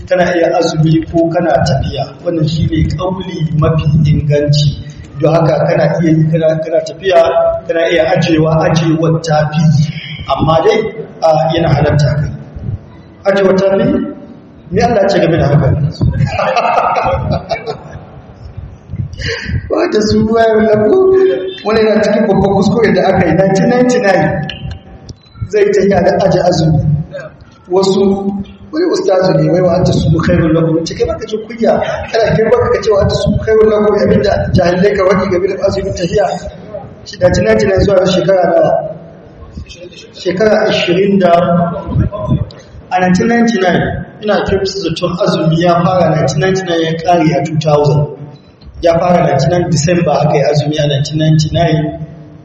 kana iya azumi ko kana tafiya wannan shine kauli mafi inganci don haka kana iya yi kana tafiya kana iya ajewa ajewar tafi amma dai yana halatta ka ajewar tafi ne Allah ce game da haka ta su bayan lafo wani na cikin babban kuskure da aka yi 1999 zai ta yi da aje azumi wasu wani ustazu ne mai wa su khairul lakum ce kai baka ji kunya kana girma ka ce wa anta su khairul lakum abinda jahilai ka wani gabe da azumin hiya shi da jina jina zuwa shekara da shekara 20 da a 1999 ina kirkus zaton azumi ya fara 1999 ya kare a 2000 ya fara 1999 Disamba aka yi azumi a 1999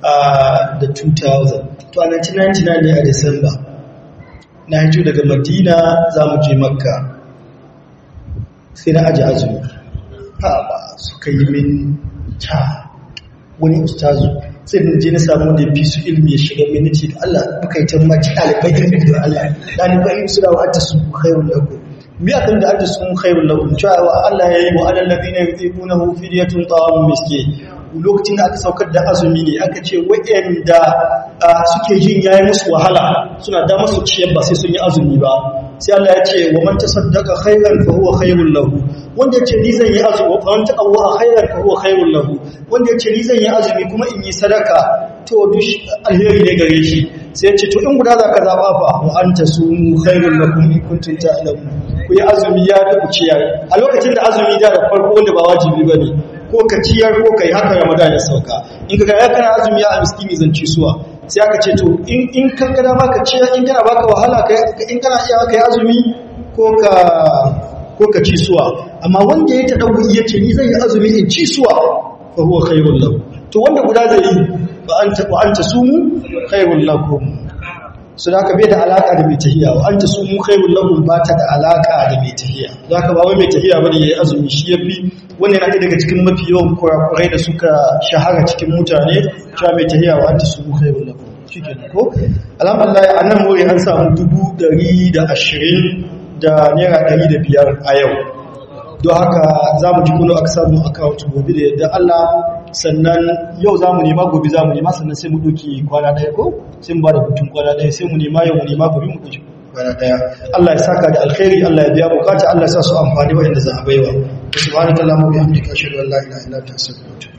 ah, da 2000 to a 1999 ne a Disamba na hito daga madina za mu je makka sai na aji azumi haɓa suka yi min ta wani ustazu sai mun je na samu da fi su ilmi ya shiga mini ce da Allah muka yi ta mace ɗalibai ilmi da Allah ɗalibai ilmi suna wa ta su khairu lagu mi a kan da ajiye su khairu lagu cewa Allah ya yi wa alal ladina yutiquna ya fidyatun ta'am miske lokacin da aka saukar da azumi ne aka ce waɗanda suke jin yayi musu wahala suna da musu ciyar ba sai sun yi azumi ba sai Allah ya ce wa man tasaddaqa khairan fa huwa khairul lahu wanda yace ni zan yi azumi wa man ta'awwa khairan fa huwa khairul lahu wanda yace ni zan yi azumi kuma in yi sadaka to duk alheri ne gare shi sai ya ce to in guda za ka zaba fa wa anta sumu khairul lakum in kuntum ta'lamun ku yi azumi ya da ku ciyar a lokacin da azumi da farko wanda ba wajibi bane ko ka ciyar ko ka yi haka ramadan ya sauka in ka ga kana azumi ya amiski zan ci suwa sai aka ce to in in kan kada ciyar in kana baka wahala in kana iya kai azumi ko ka ko ka ci suwa amma wanda ya tadawu ya ce ni zan yi azumi in ci suwa fa huwa khairul lahu to wanda guda zai yi ba ba sumu khairul lakum su da bai da alaƙa da mai tahiya wa an ta sun khairul ba ta da alaƙa da mai tahiya za ka ba wai mai tahiya ya yi azumi shi ya fi wani yana daga cikin mafi yawan kurakurai da suka shahara cikin mutane cewa mai tahiya wa anta su ko nan wuri an samu dubu ɗari da ashirin da naira ɗari da biyar a yau don haka za mu ji kuno a samun akawuncin gobe da yadda Allah sannan yau za mu nema gobe za mu nema sannan sai mu ɗauki kwana ɗaya ko sai mu ba da hutun kwana ɗaya sai mu nema yau mu nema gobe mu ɗauki kwana ɗaya Allah ya saka da alkhairi Allah ya biya bukata Allah ya sa su amfani wa inda za a baiwa subhanakallahumma wa bihamdika ashhadu an la ilaha illa anta astaghfiruka